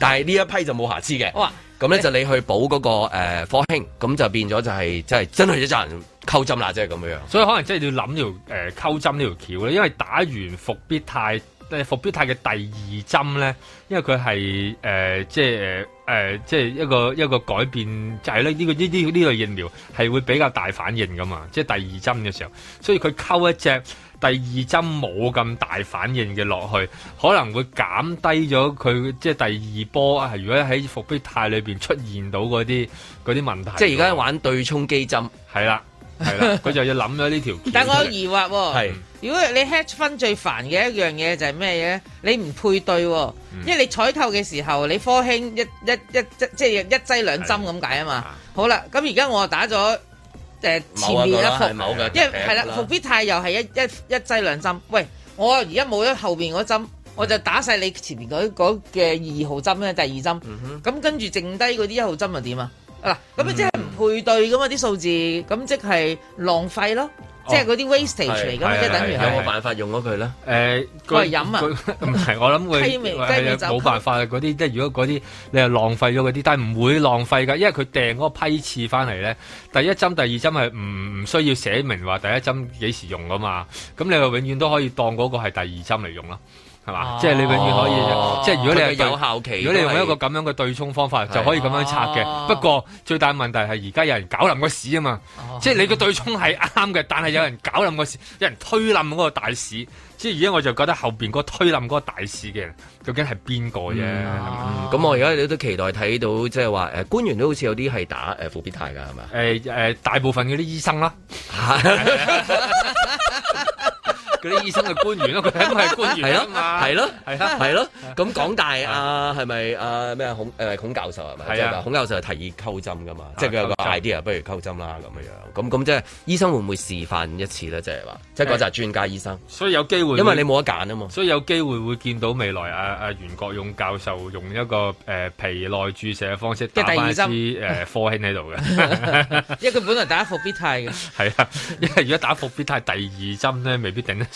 Speaker 1: 但係呢一批就冇瑕疵嘅，咁咧、啊啊、就你去補嗰、那個、
Speaker 2: 呃、科興，咁就變咗就係即係真係一紮人溝針啦，即係咁樣。所以可能即係要諗呢條誒溝、呃、針呢條橋啦，因為打完復必泰。但係復必泰嘅第二針咧，因為佢係誒即係誒、呃、即係一個一個改變，就係咧呢個呢呢呢類疫苗係會比較大反應噶嘛，即係第二針嘅時候，所以佢溝一隻第二針冇咁大反應嘅落去，可能會減低咗佢即係第二波，如果喺復必泰裏邊出現到嗰啲嗰啲問題。即係而家玩對沖基針，係啦，係啦，佢 就要諗咗呢條。
Speaker 4: 但我有疑惑喎、哦。如果你 match 分最煩嘅一樣嘢就係咩嘢？你唔配對、哦，嗯、因為你採透嘅時候，你科兄一一一即即一，就是、一劑兩針咁解啊嘛。的好啦，咁而家我打咗誒、呃、前面一幅，一因為係啦，伏的必泰又係一一一劑兩針。喂，我而家冇咗後邊嗰針，嗯、我就打晒你前面嗰嘅二號針咧，第二針。咁、嗯、跟住剩低嗰啲一號針又點啊？嗱，咁你即係唔配對噶嘛啲數字，咁即係浪費咯。即係嗰啲 wastage 嚟噶，即係等於係冇辦法用咗佢啦。誒，佢飲啊，唔係我諗會冇辦
Speaker 2: 法嘅嗰啲，即係如果嗰啲你係浪費咗嗰啲，但係唔會浪費噶，因為佢訂嗰個批次翻嚟咧，第一針第二針係唔唔需要寫明話第一針幾時用噶嘛，咁你咪永遠都可以當嗰個係第二針嚟用囉。係嘛？即係你永遠可以，即係如果你係有效期，如果你用一個咁樣嘅對沖方法，就可以咁樣拆嘅。不過最大問題係而家有人搞冧個市啊嘛！即係你個對沖係啱嘅，但係有人搞冧個市，有人推冧嗰個大市。即係而家我就覺得後邊嗰推冧嗰個大市嘅
Speaker 1: 究竟係邊個啫？咁我而家都期待睇到，即係話誒官員都好似有啲係打誒復必泰㗎係嘛？
Speaker 2: 誒誒，大部分嗰啲醫生啦。嗰 啲醫生嘅官員咯，啊，佢係官員？係咯，係咯，係咯。
Speaker 1: 咁港大啊，係咪 啊咩孔誒孔教授係咪？係啊，孔教授係提議溝針噶嘛，即係佢有個 idea 啊，不如溝針啦咁樣樣。咁 咁即係醫生會唔會示範一次咧？即係話，即係嗰就係專家醫
Speaker 2: 生。所以有機會，會，因為你冇得揀啊嘛。所以有機會會見到未來啊。阿、啊啊、袁國勇教授用一個誒、呃、皮內注射嘅方式打翻支誒科興喺度嘅。
Speaker 4: 因為佢本來打伏必泰嘅，
Speaker 2: 係 啊，因為如果打伏必泰第二針咧，未必頂得。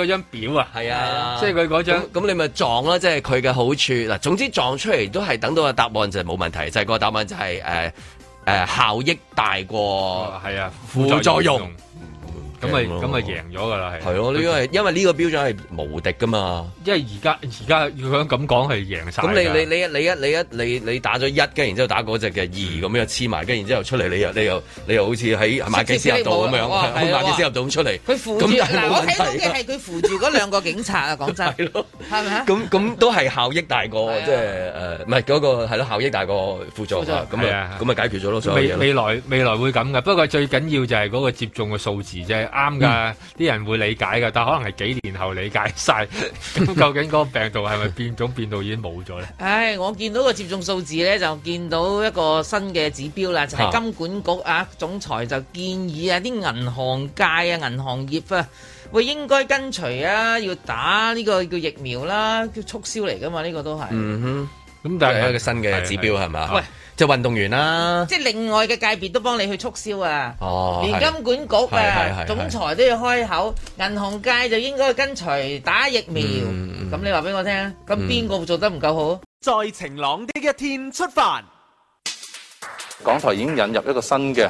Speaker 2: 嗰張表
Speaker 3: 啊，係啊，即係佢嗰
Speaker 1: 張，咁你咪撞啦，即係佢嘅好處嗱。總之撞出嚟都係等到個答案就冇問題，就係個答案就係誒誒效益
Speaker 2: 大過係啊副作用。
Speaker 1: 咁咪咁咪贏咗噶啦，係係咯，呢個因為呢個標準係無敵噶嘛，
Speaker 2: 因為而家而家要咁講係贏曬。咁你你你
Speaker 1: 你一你一你你打咗一，跟住然之後打嗰隻嘅二，咁樣黐埋，跟住然之後出嚟，你又你又你又好似喺馬己仙峽道咁樣，馬己仙峽道咁出嚟。佢扶住，我睇到嘅係
Speaker 4: 佢扶住嗰兩個警察啊！講真，係咪
Speaker 1: 咁咁都係效益大過，即係誒
Speaker 2: 唔係嗰個咯效益大過輔助啊！咁啊咁啊解決咗咯。未未來未來會咁嘅，不過最緊要就係嗰個接種嘅數字啫。啱噶，啲、嗯、人會理解噶，但可能係幾年後理解晒。咁 究竟嗰個病毒係咪變種 變到已經冇咗咧？
Speaker 4: 唉，我見到個接種數字咧，就見到一個新嘅指標啦，就係、是、金管局啊，總裁就建議啊，啲銀行界啊，銀行業啊，會應該跟隨啊，要打呢個叫疫苗啦，叫促銷嚟噶嘛，呢、這個都係。嗯哼。
Speaker 1: 咁但係有一個新嘅指標係嘛？喂，就運動員啦，
Speaker 4: 即係另外嘅界別都幫你去促銷啊！連金管局啊，總裁都要開口，銀行界就應該跟隨打疫苗。咁你話俾我聽，咁邊個做得唔夠好？
Speaker 3: 在晴朗的一天出發，港台已經引入一個新嘅。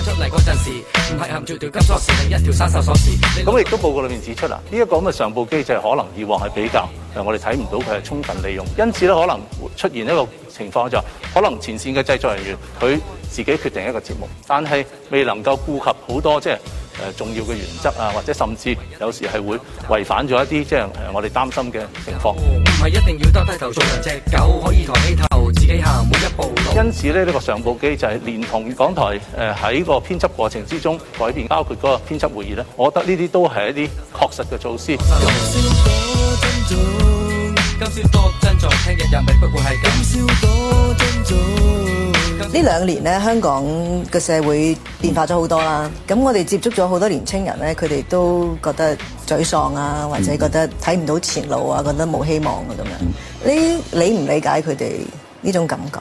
Speaker 1: 出嚟嗰陣時唔
Speaker 3: 係含住條金鎖匙，係一條生鏽鎖匙。咁亦都報告裏面指出啊，呢一個咁嘅上報機制可能以往係比較，誒，我哋睇唔到佢係充分利用，因此咧可能出現一個情況就係，可能前線嘅製作人員佢自己決定一個節目，但係未能夠顧及好多即係。誒重要嘅原則啊，或者甚至有時係會違反咗一啲即係誒我哋擔心嘅情況。唔係、哦、一定要低低頭做人，隻
Speaker 1: 狗可以抬起頭自己行每一步。
Speaker 3: 因此咧，呢、呢個上報機就係連同港台誒喺、呃、個編輯過程之中改變，包括嗰個編輯會議咧，我覺得呢啲都係一啲確實嘅措施。
Speaker 1: 今宵多珍重，聽日又咪不過係？
Speaker 5: 今宵多珍重。 兩呢兩年咧，香港嘅社會變化咗好多啦。咁、嗯、我哋接觸咗好多年青人咧，佢哋都覺得沮喪啊，嗯、或者覺得睇唔到前路啊，嗯、覺得冇希望啊。咁樣。你理唔理解佢哋呢種感覺？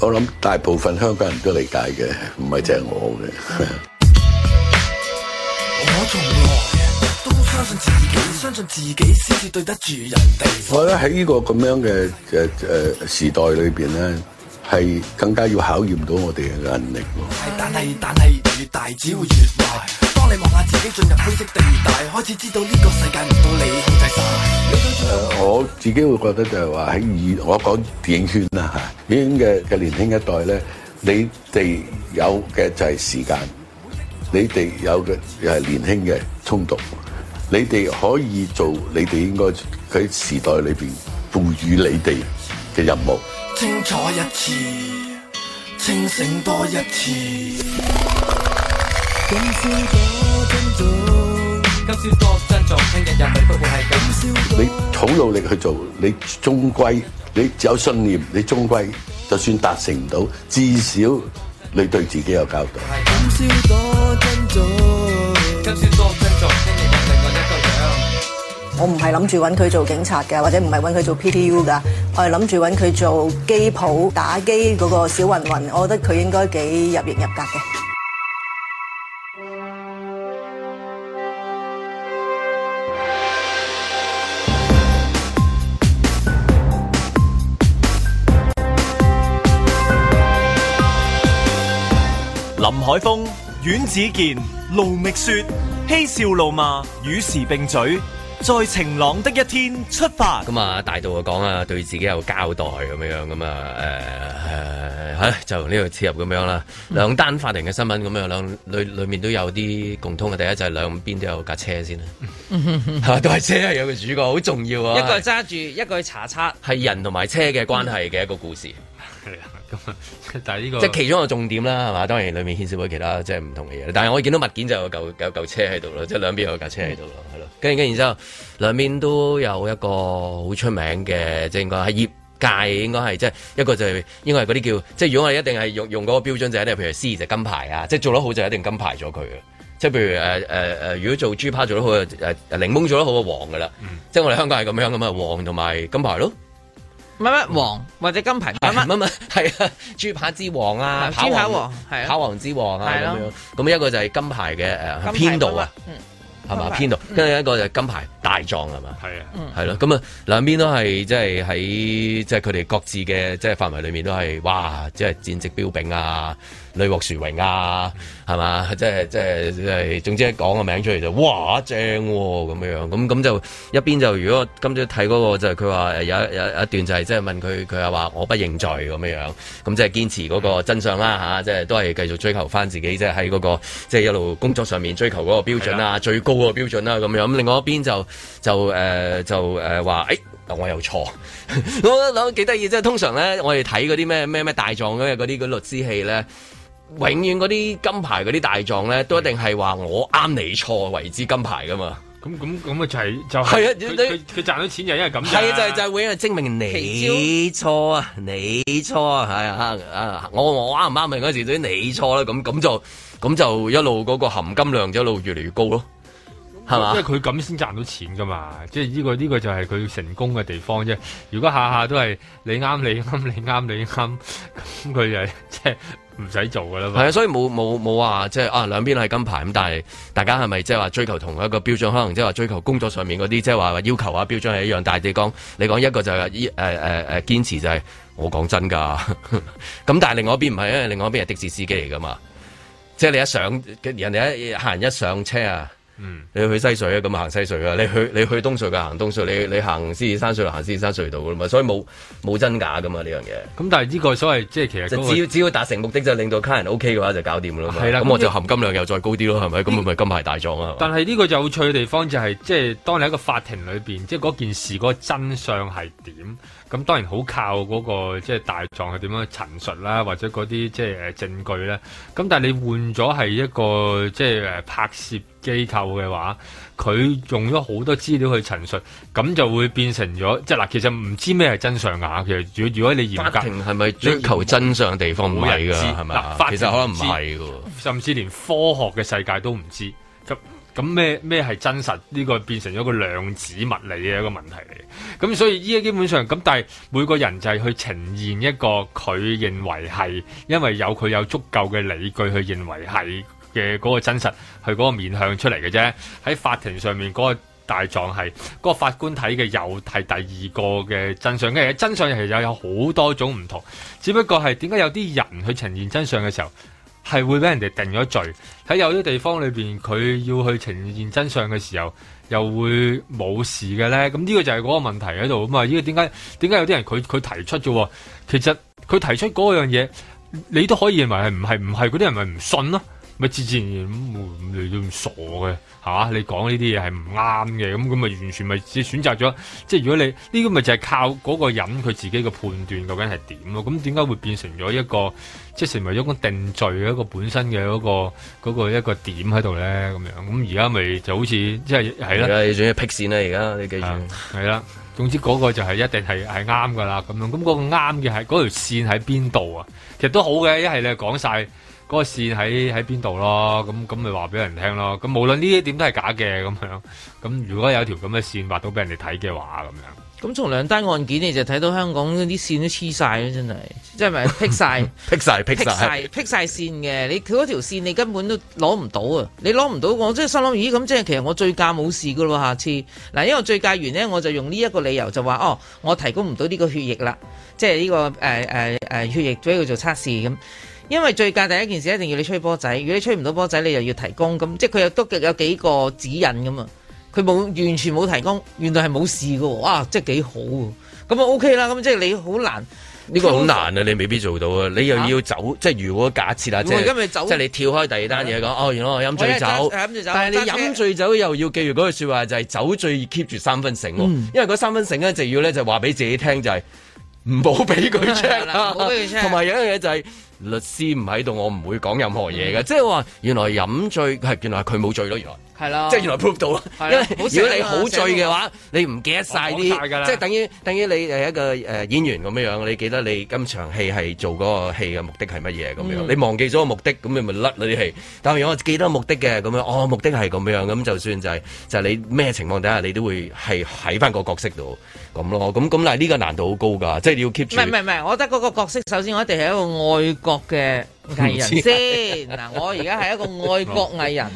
Speaker 8: 我諗大部分香港人都理解嘅，唔係淨係我嘅。
Speaker 5: 我仲來。
Speaker 2: 相信自己，相信自己先至對得住人哋。
Speaker 8: 我咧喺呢個咁樣嘅誒誒時代裏邊咧，係更加要考驗到我哋嘅能力但。
Speaker 2: 但係但係越大只會越壞。當你望下自己進入灰色地帶，開始
Speaker 9: 知道呢個世界唔到你
Speaker 8: 控制晒。誒，我自己會覺得就係話喺以我講電影圈啊吓，電影嘅嘅年輕一代咧，你哋有嘅就係時間，你哋有嘅又係年輕嘅衝動。你哋可以做，你哋應該喺時代裏邊賦予你哋嘅任務。
Speaker 9: 清楚一次，清醒多一次。今宵多
Speaker 1: 珍重，今宵多珍重，聽日又會唔
Speaker 8: 會係今宵？你好努力去做，你終歸你只有信念，你終歸就算達成唔到，至少你對自己有交代。
Speaker 5: 我唔係諗住揾佢做警察嘅，或者唔係揾佢做 PTU 㗎，我係諗住揾佢做機鋪打機嗰個小云云，我覺得佢應該幾入型入格嘅。
Speaker 3: 林海峰、阮子健、盧覓雪、嬉笑怒罵、與
Speaker 1: 時並嘴。在晴朗的一天出發。咁啊，大道啊講啊，對自己有交代咁樣樣咁啊，誒、呃，吓、呃、就呢度切入咁樣啦、啊。兩單法庭嘅新聞咁樣、啊，兩裏裏面都有啲共通嘅。第一就係兩邊都有架車先啦、
Speaker 4: 啊，係嘛都係車
Speaker 1: 係有個主角好重要啊。一個
Speaker 4: 揸住，一個查冊，
Speaker 1: 係人同埋車嘅關係嘅一個故事。
Speaker 2: 嗯 咁 但係呢這個即係其中
Speaker 1: 一個重點啦，係嘛？當然裡面牽涉到其他即係唔同嘅嘢。但係我見到物件就有嚿有嚿車喺度咯， 即係兩邊有架車喺度咯，係咯。跟住跟住之後，兩邊都有一個好出名嘅，即係應該喺業界應該係即係一個就係應該係嗰啲叫即係如果我哋一定係用用嗰個標準就係、是、咧，譬如 C 就金牌啊，即係做得好就一定金牌咗佢嘅。即係譬如誒誒誒，如果做豬扒做得好啊、呃，檸檬做得好啊，黃㗎啦。 即係我哋香港係咁樣㗎嘛，黃同埋金牌咯。乜乜王或者金牌，乜乜係啊，豬、啊、扒之王啊，豬扒王，啊、跑王之王啊，咁樣、啊，咁、啊、一個就係金牌嘅誒，編導啊，係嘛，編導，跟住吧、嗯、一個就係金牌大狀係嘛，係啊，係咯、嗯，咁啊兩邊都係即係喺即係佢哋各自嘅即係範圍裏面都係哇，即、就、係、是、戰績彪炳啊！女獲殊榮啊，係嘛？即係即係即係，總之一講個名出嚟，就哇正咁、哦、樣，咁咁就一邊就如果今朝睇嗰個就佢話有一有一段就係即係問佢，佢又話我不認罪咁樣樣，咁即係堅持嗰個真相啦吓，即、啊、係、就是、都係繼續追求翻自己，即係喺嗰個即係、就是、一路工作上面追求嗰個標準啊，的最高個標準啦、啊、咁樣。咁另外一邊就就誒、呃、就誒話誒，我又錯咁諗幾得意，即 係通常咧，我哋睇嗰啲咩咩咩大狀嘅嗰啲律師戲咧。永遠嗰啲金牌嗰啲大狀咧，都一定係話我啱你錯，為之金牌噶嘛？
Speaker 2: 咁咁咁啊，就係就係佢佢賺到錢就因為咁。係就就
Speaker 1: 會證明你錯啊，你錯啊，係啊，啊，啊我我啱唔啱？嗰時對，你錯啦。咁咁就咁就一路嗰個含金量就一路越嚟越高咯，
Speaker 2: 係嘛？因為佢咁先賺到錢噶嘛，即係呢個呢個就係佢成功嘅地方啫。如果下下都係你啱你啱你啱你啱，咁佢就即係。 唔使做噶啦，係啊，所以
Speaker 1: 冇冇冇話即係啊兩邊都係金牌咁，但係大家係咪即係話追求同一個標準？可能即係話追求工作上面嗰啲即係話要求啊標準係一樣，但係你講你講一個就係依誒誒誒堅持就係、是、我講真噶，咁 但係另外一邊唔係，因為另外一邊係的士司機嚟噶嘛，即、就、係、是、你一上人哋一行人一上車啊。嗯，你去西隧啊，咁啊行西隧啊，你去你去東隧嘅，行東隧，你你行獅子山隧道行獅子山隧道噶嘛，所以冇冇真假噶嘛呢樣嘢。
Speaker 2: 咁但係呢個所謂即係其實只要
Speaker 1: 只要達成目的就令到客人 OK 嘅話就搞掂啦嘛。係啦的，咁我就含金量又再高啲咯，係咪？咁咪咪金牌大狀啊。是是
Speaker 2: 但係呢個有趣嘅地方就係、是、即係當你喺個法庭裏邊，即係嗰件事嗰個真相係點？咁當然好靠嗰個即係大狀係點樣陳述啦，或者嗰啲即係誒證據咧。咁但係你換咗係一個即係誒拍攝機構嘅話，佢用咗好多資料去陳述，咁就會變成咗即係嗱，其實唔知咩係真相啊。其實，如果如果你嚴格，法庭係咪追求真相地方冇人知㗎？係咪吧啊？法其實可能唔係㗎，甚至連科學嘅世界都唔知。咁咩咩係真實？呢個變成咗個量子物理嘅一個問題嚟。咁所以依家基本上咁，但係每個人就係去呈現一個佢認為係，因為有佢有足夠嘅理據去認為係嘅嗰個真實，去嗰個面向出嚟嘅啫。喺法庭上面嗰個大狀係嗰個法官睇嘅，又係第二個嘅真相嘅嘢。真相其實有有好多種唔同，只不過係點解有啲人去呈現真相嘅時候，係會俾人哋定咗罪，喺有啲地方裏邊，佢要去呈現真相嘅時候，又會冇事嘅咧。咁呢個就係嗰個問題喺度啊嘛。呢個點解點解有啲人佢佢提出啫？其實佢提出嗰樣嘢，你都可以認為係唔係唔係嗰啲人咪唔信咯？咪自自然然嚟到咁傻嘅吓？你講呢啲嘢係唔啱嘅，咁咁咪完全咪只選擇咗。即係如果你呢個咪就係靠嗰個人佢自己嘅判斷究竟係點咯？咁點解會變成咗一個？即係成為咗個定罪，一個本身嘅嗰、嗰個嗰個一個點喺度咧咁樣，咁而家咪就好似即係係啦，你仲要劈線咧、啊，而家你記住，係啦。總之嗰個就係一定係係啱㗎啦，咁樣。咁、那、嗰個啱嘅係嗰條線喺邊度啊？其實都好嘅，一係你講晒嗰個線喺喺邊度咯，咁咁咪話俾人聽咯。咁無論呢啲點都係假嘅咁樣。咁如果有一條咁嘅線畫到俾人哋睇嘅話，咁樣。
Speaker 4: 咁從兩單案件，你就睇到香港啲線都黐晒咯，真係即係咪劈曬？
Speaker 2: 劈曬劈曬
Speaker 4: 劈曬線嘅，你佢嗰條線你根本都攞唔到啊！你攞唔到，我即係心諗，咦？咁即係其實我醉駕冇事噶咯，下次嗱，因為醉駕完呢，我就用呢一個理由就話哦，我提供唔到呢個血液啦，即係呢個誒誒誒血液俾佢做測試咁。因為醉駕第一件事一定要你吹波仔，如果你吹唔到波仔，你又要提供咁，即係佢又都有幾個指引咁嘛。佢冇完全冇提供，原來係冇事嘅，啊，即係幾好，咁啊 OK 啦，咁即係你好難，呢個好難
Speaker 1: 啊！你未必做到啊！你又要走，即係如果假設啦，即係你跳開第二單嘢講，哦，原來我飲醉酒，但係你飲醉酒又要記住嗰句説話，就係酒醉 keep 住三分醒，因為嗰三分醒呢就要呢就話俾自己聽，就係唔好俾佢 check 啦，同埋有一樣嘢就係律師唔喺度，我唔會講任何嘢嘅，即係話原來飲醉原來佢冇醉咯，原來。係啦，即係原來 prove 到，因為如果你好醉嘅話，你唔記得曬啲，即係等於等於你誒一個誒演員咁樣樣，你記得你今場戲係做嗰個戲嘅目的係乜嘢咁樣，你忘記咗個目的，咁你咪甩啦啲戲。但係如果我記得目的嘅，咁樣我目的係咁樣，咁就算就係就係你咩情況底下，你都會係喺翻個角色度。咁咯，咁咁嗱，呢個難度好高㗎，即係你要 keep 住。唔係
Speaker 4: 唔係，我覺得嗰個角色首先我一定係一個愛國嘅藝人知 先嗱。我而家係一個愛國藝人，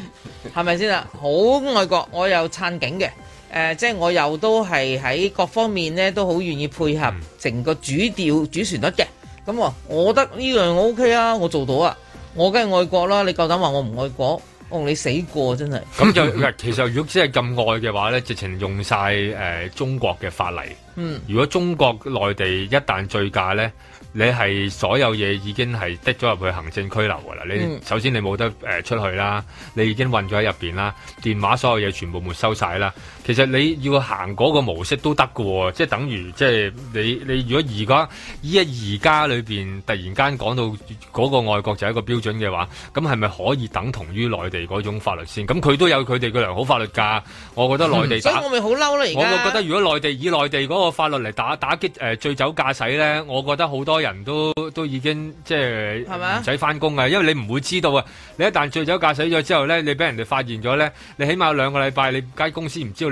Speaker 4: 係咪先啦？好愛國，我又撐警嘅誒，即係我又都係喺各方面咧都好願意配合成個主調主旋律嘅，咁我，我覺得呢樣 O、OK、K 啊，我做到啊，我梗係愛國啦。你夠膽話我唔愛國？哦，你死過真係。咁
Speaker 2: 就 其實如果真係咁愛嘅話咧，直情用晒誒中國嘅法例。嗯。如果中國內地一旦醉駕呢，你係所有嘢已經係滴咗入去行政拘留㗎啦。你首先你冇得誒出去啦，你已經困咗喺入邊啦，電話所有嘢全部沒收晒啦。其實你要行嗰個模式都得嘅。哦，即係等於即係你你如果而家依一而家裏邊突然間講到嗰個外國就係一個標準嘅話，咁係咪可以等同於內地嗰種法律先？咁佢都有佢哋嘅良好法律噶。我覺得內地打，嗯，所以我咪
Speaker 4: 好嬲咯。我我覺得
Speaker 2: 如果內地以內地嗰個法律嚟打打擊誒、呃、醉酒駕駛咧，我覺得好多人都都已經即係係咪唔使翻工嘅，因為你唔會知道啊！你一旦醉酒駕駛咗之後咧，你俾人哋發現咗咧，你起碼兩個禮拜你間公司唔知道。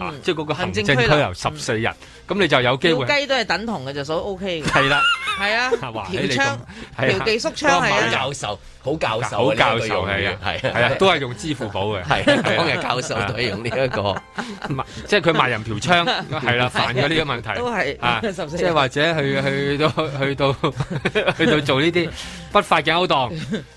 Speaker 2: 啊、即係嗰個行政拘留十四日，咁你就有機會。雞
Speaker 4: 都係等同嘅，就所 O K 嘅。係啦，係啊，
Speaker 2: 條槍， 條寄縮槍係。 好教授，好教授，係啊，係啊，都係用支付寶嘅。係啊，香港嘅教授都係用呢一個，賣即係佢賣人嫖娼，係啦，犯咗呢個問題，都係啊，十四，即係或者去去到去到去到做呢啲不法嘅勾當，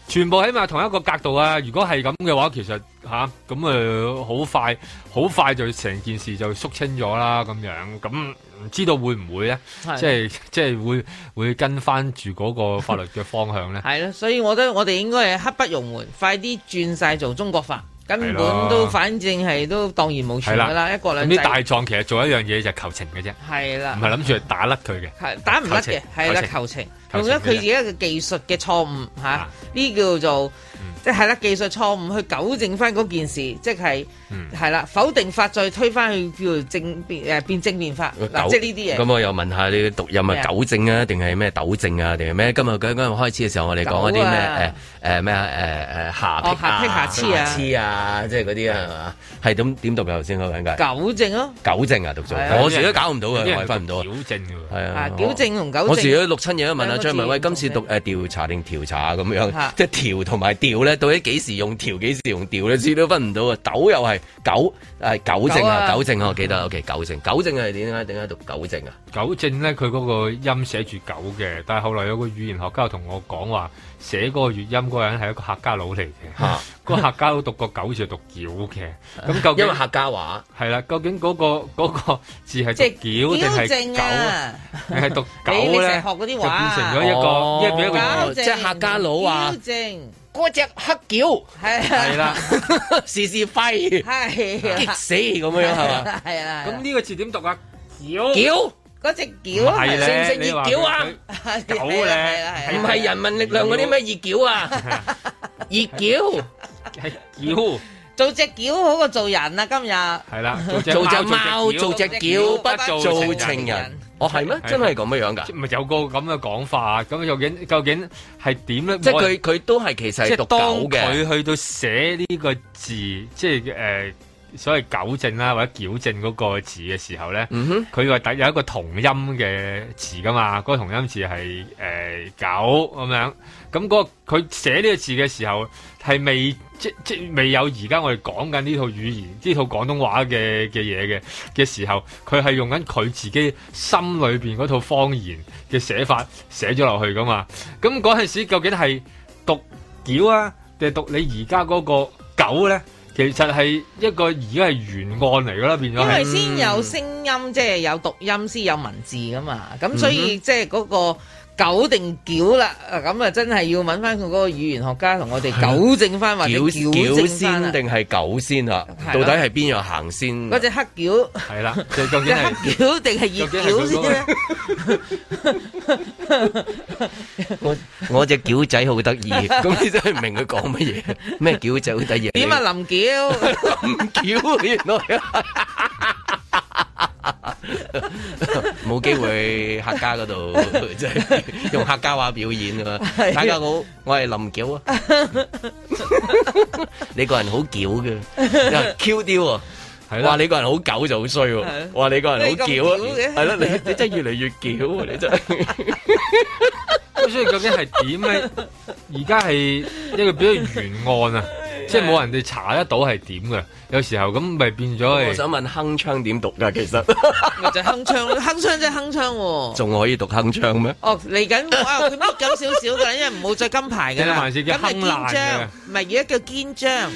Speaker 2: 全部起碼同一個格度啊！如果係咁嘅話，其實嚇咁啊，好快好快就成件事就肅清咗啦，咁樣咁。唔知道會唔會咧的？即係即係會會跟翻住嗰個法律嘅方向咧。
Speaker 4: 係咯， 所以我覺得我哋應該係刻不容緩，快啲轉晒做中國法。的根本都反正係都當然冇錯噶啦，的一國兩制。啲大
Speaker 2: 狀其實做一樣嘢就求情嘅啫。
Speaker 4: 係啦的，唔係諗
Speaker 2: 住打甩佢嘅。
Speaker 4: 係打唔甩嘅，係啦、啊，求情。用咗佢自己嘅技術嘅錯誤嚇，呢叫做。的即係啦，技術錯誤去糾正翻嗰件事，即係係啦，否定法再推翻去叫做正變誒辯證辯法嗱，即係呢啲嘢。咁
Speaker 1: 我又問下你讀音係糾正啊，定係咩糾正啊，定係咩？今日今日開始嘅時候，我哋講一啲咩誒咩誒下撇啊、下啊，即係嗰啲啊，係點點讀頭先嗰個
Speaker 4: 糾正咯，
Speaker 1: 糾正啊，讀錯，我自己搞唔到嘅，我分唔到。糾正㗎喎，係啊，糾正同糾正。我自己錄親嘢都問啊張文偉，今次讀誒調查定調查咁樣，即係調同埋調咧。到底幾時用調，幾時用調咧？字都分唔到啊！九又係九，係九正九啊九正！九正，我記得，O、okay, K，九正，
Speaker 2: 九正係點解？點解讀九正啊？九正咧，佢嗰個音寫住九嘅，但係後來有個語言學家同我講話，寫嗰個粵音嗰個人係一個客家佬嚟嘅。啊、個客家佬讀個九字係讀繳嘅，咁究竟因為客家話係啦？究竟嗰、那個、那個字係即係繳定係九？係、啊、讀九咧？你學、啊、變成學嗰啲話，哦，九
Speaker 4: 正。嗰隻黑翹，係啦，時時吠，激死咁樣樣係嘛？係啦，咁
Speaker 2: 呢個詞點讀啊？
Speaker 4: 翹，嗰隻翹，識唔識熱翹啊？好咧，唔係人民力量嗰啲咩熱翹啊？熱翹，翹，做隻翹好過做人啊！今日係
Speaker 1: 啦，做隻貓，做隻翹，不做情人。
Speaker 2: 哦，係咩？真係咁樣樣㗎？唔係有個咁嘅講法，咁究竟究竟係點咧？即係佢佢都係其實係讀狗嘅。當佢去到寫呢個字，即係誒，呃所謂糾正啦，或者矯正嗰個字嘅時候咧，佢話第有一個同音嘅字噶嘛，嗰個同音字係誒糾咁樣。咁嗰個佢寫呢個字嘅時候，係未即即未有而家我哋講緊呢套語言、呢套廣東話嘅嘅嘢嘅嘅時候，佢係用緊佢自己心裏邊嗰套方言嘅寫法寫咗落去噶嘛。咁嗰陣時究竟係讀矯啊，定係讀你而家嗰個糾咧？其實係一個而家係原案嚟噶啦，變咗，因為先有
Speaker 4: 聲音，嗯、即係有讀音，先有文字噶嘛，咁所以即係嗰、嗰個。九定繳啦，咁啊真係要揾翻佢嗰個語言學家同我哋糾正翻，或者繳先
Speaker 1: 定係九先啊？到底係邊樣行先？嗰隻黑繳係啦，究竟係繳
Speaker 4: 定係熱繳先咧？
Speaker 1: 我我隻繳仔好得意，咁你真係唔明佢講乜嘢？咩繳仔好得意？點解
Speaker 4: 林繳，林繳原來。
Speaker 1: 冇機 會客家嗰度，即 係用客家話表演啊！是大家好，我係林屌啊， 你個人好屌嘅，Q 啲。 話你個
Speaker 2: 人好狗就好衰
Speaker 1: 喎，話你個人好矯，係咯，你你真
Speaker 2: 係越嚟越矯，你真係。所以究竟係點咧？而家係一個比較懸案啊，即係冇人哋查得到係點嘅。有時候咁咪變咗係。我想問鏗鏘點讀噶，其實。
Speaker 4: 就係鏗鏘，鏗鏘即係鏗鏘。
Speaker 2: 仲可以讀鏗
Speaker 1: 鏘咩？
Speaker 4: 哦，嚟緊啊！佢乜咁少少噶，因為唔好着金牌嘅。咁係堅張，唔係而家叫肩章。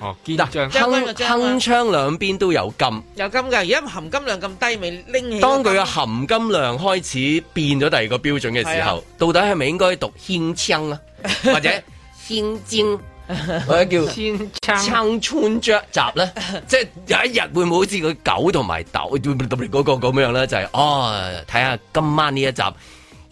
Speaker 1: 哦，堅鄉窗、鏗鏗兩邊都有金，
Speaker 4: 有金㗎。而家含金量咁低，咪拎。當佢嘅
Speaker 1: 含金量開始變咗第二個標準嘅時候，啊、到底係咪應該讀軒窗啊，
Speaker 4: 或者軒
Speaker 1: 尖， 腥或者叫軒窗穿着集咧？ 即係有一日會唔會好似佢「狗同埋豆特別嗰個咁、嗰個嗰個、樣咧？就係、是、哦，睇下今晚呢一集。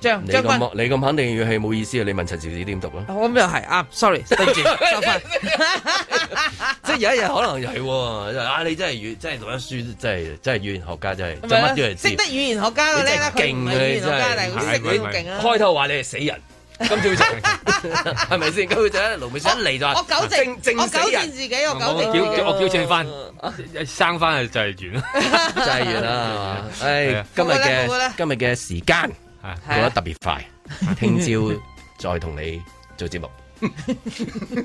Speaker 1: 張你咁肯定語氣，冇意思啊！你問陳小姐點讀啊？
Speaker 4: 我咁又係啊，sorry，失言即係有一日可能又
Speaker 1: 係，啊！你真係語，真係讀得書，真係真係語言學家，真係乜都要知。識得
Speaker 4: 語言學家嘅咧，佢語言學家，大佢識語咁勁啊！開
Speaker 1: 頭話你係死人，今朝早就係咪先？今朝早盧美香嚟就話我糾
Speaker 4: 正，我糾正自己，我糾正我
Speaker 1: 糾正翻，生翻就係語言啦，語言啦。唉，今日嘅今日嘅時間。過、啊、得特別快，聽朝再同你做節目。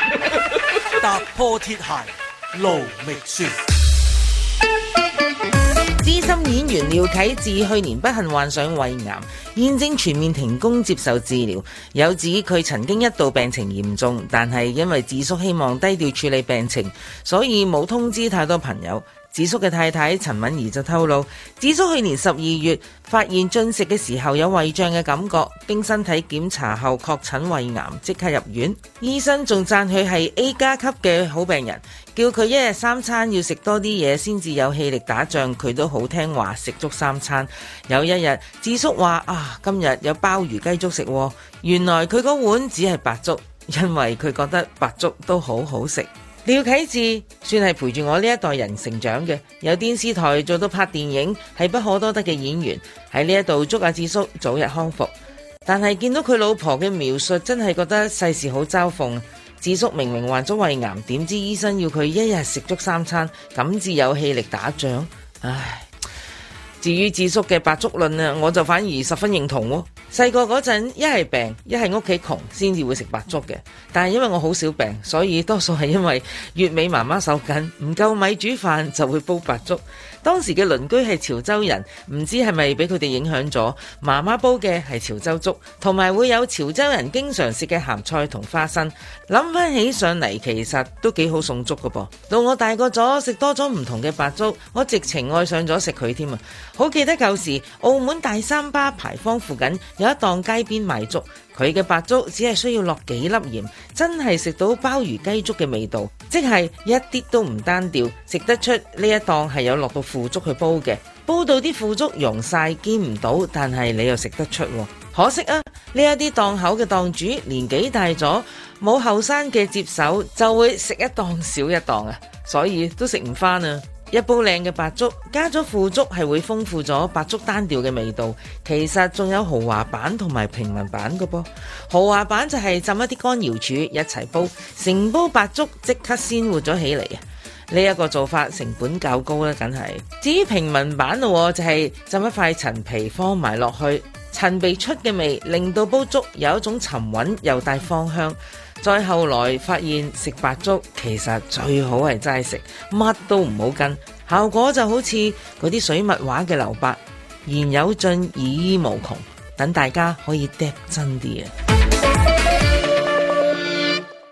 Speaker 1: 踏破鐵鞋勞覓雪，
Speaker 4: 資深演員廖啟智去年不幸患上胃癌，現正全面停工接受治療。有指佢曾經一度病情嚴重，但係因為智叔希望低調處理病情，所以冇通知太多朋友。子叔嘅太太陳敏儀就透露，子叔去年十二月發現進食嘅時候有胃脹嘅感覺，經身體檢查後確診胃癌，即刻入院。醫生仲讚佢係 A 加級嘅好病人，叫佢一日三餐要食多啲嘢先至有氣力打仗，佢都好聽話，食足三餐。有一日，子叔話：啊，今日有鮑魚雞粥食喎，啊，原來佢嗰碗只係白粥，因為佢覺得白粥都好好食。廖啟智算係陪住我呢一代人成長嘅，由電視台做到拍電影，係不可多得嘅演員。喺呢一度祝阿智叔早日康復。但係見到佢老婆嘅描述，真係覺得世事好嘲諷。智叔明明患咗胃癌，點知醫生要佢一日食足三餐，咁至有氣力打仗。唉。至於紫叔嘅白粥論啊，我就反而十分認同喎。細個嗰陣，一係病，一係屋企窮，先至會食白粥嘅。但係因為我好少病，所以多數係因為月尾媽媽手緊，唔夠米煮飯，就會煲白粥。當時嘅鄰居係潮州人，唔知係咪俾佢哋影響咗。媽媽煲嘅係潮州粥，同埋會有潮州人經常食嘅鹹菜同花生。諗翻起上嚟，其實都幾好餸粥㗎噃。到我大個咗，食多咗唔同嘅白粥，我直情愛上咗食佢添啊！好記得舊時澳門大三巴牌坊附近有一檔街邊賣粥。佢嘅白粥只係需要落幾粒鹽，真係食到鮑魚雞粥嘅味道，即係一啲都唔單調，食得出呢一檔係有落個腐竹去煲嘅，煲到啲腐竹溶晒見唔到，但係你又食得出。可惜啊，呢一啲檔口嘅檔主年紀大咗，冇後生嘅接手，就會食一檔少一檔啊，所以都食唔翻啊！一煲靚嘅白粥，加咗腐竹係會豐富咗白粥單調嘅味道。其實仲有豪華版同埋平民版嘅噃。豪華版就係浸一啲乾瑤柱一齊煲，成煲白粥即刻鮮活咗起嚟啊！呢一個做法成本較高咧，梗係。至於平民版咯，就係浸一塊陳皮放埋落去，陳皮出嘅味令到煲粥有一種沉穩又帶芳香。再後來發現食白粥其實最好係齋食，乜都唔好跟，效果就好似嗰啲水墨畫嘅留白，言有盡意無窮，等大家可以嗒真啲啊！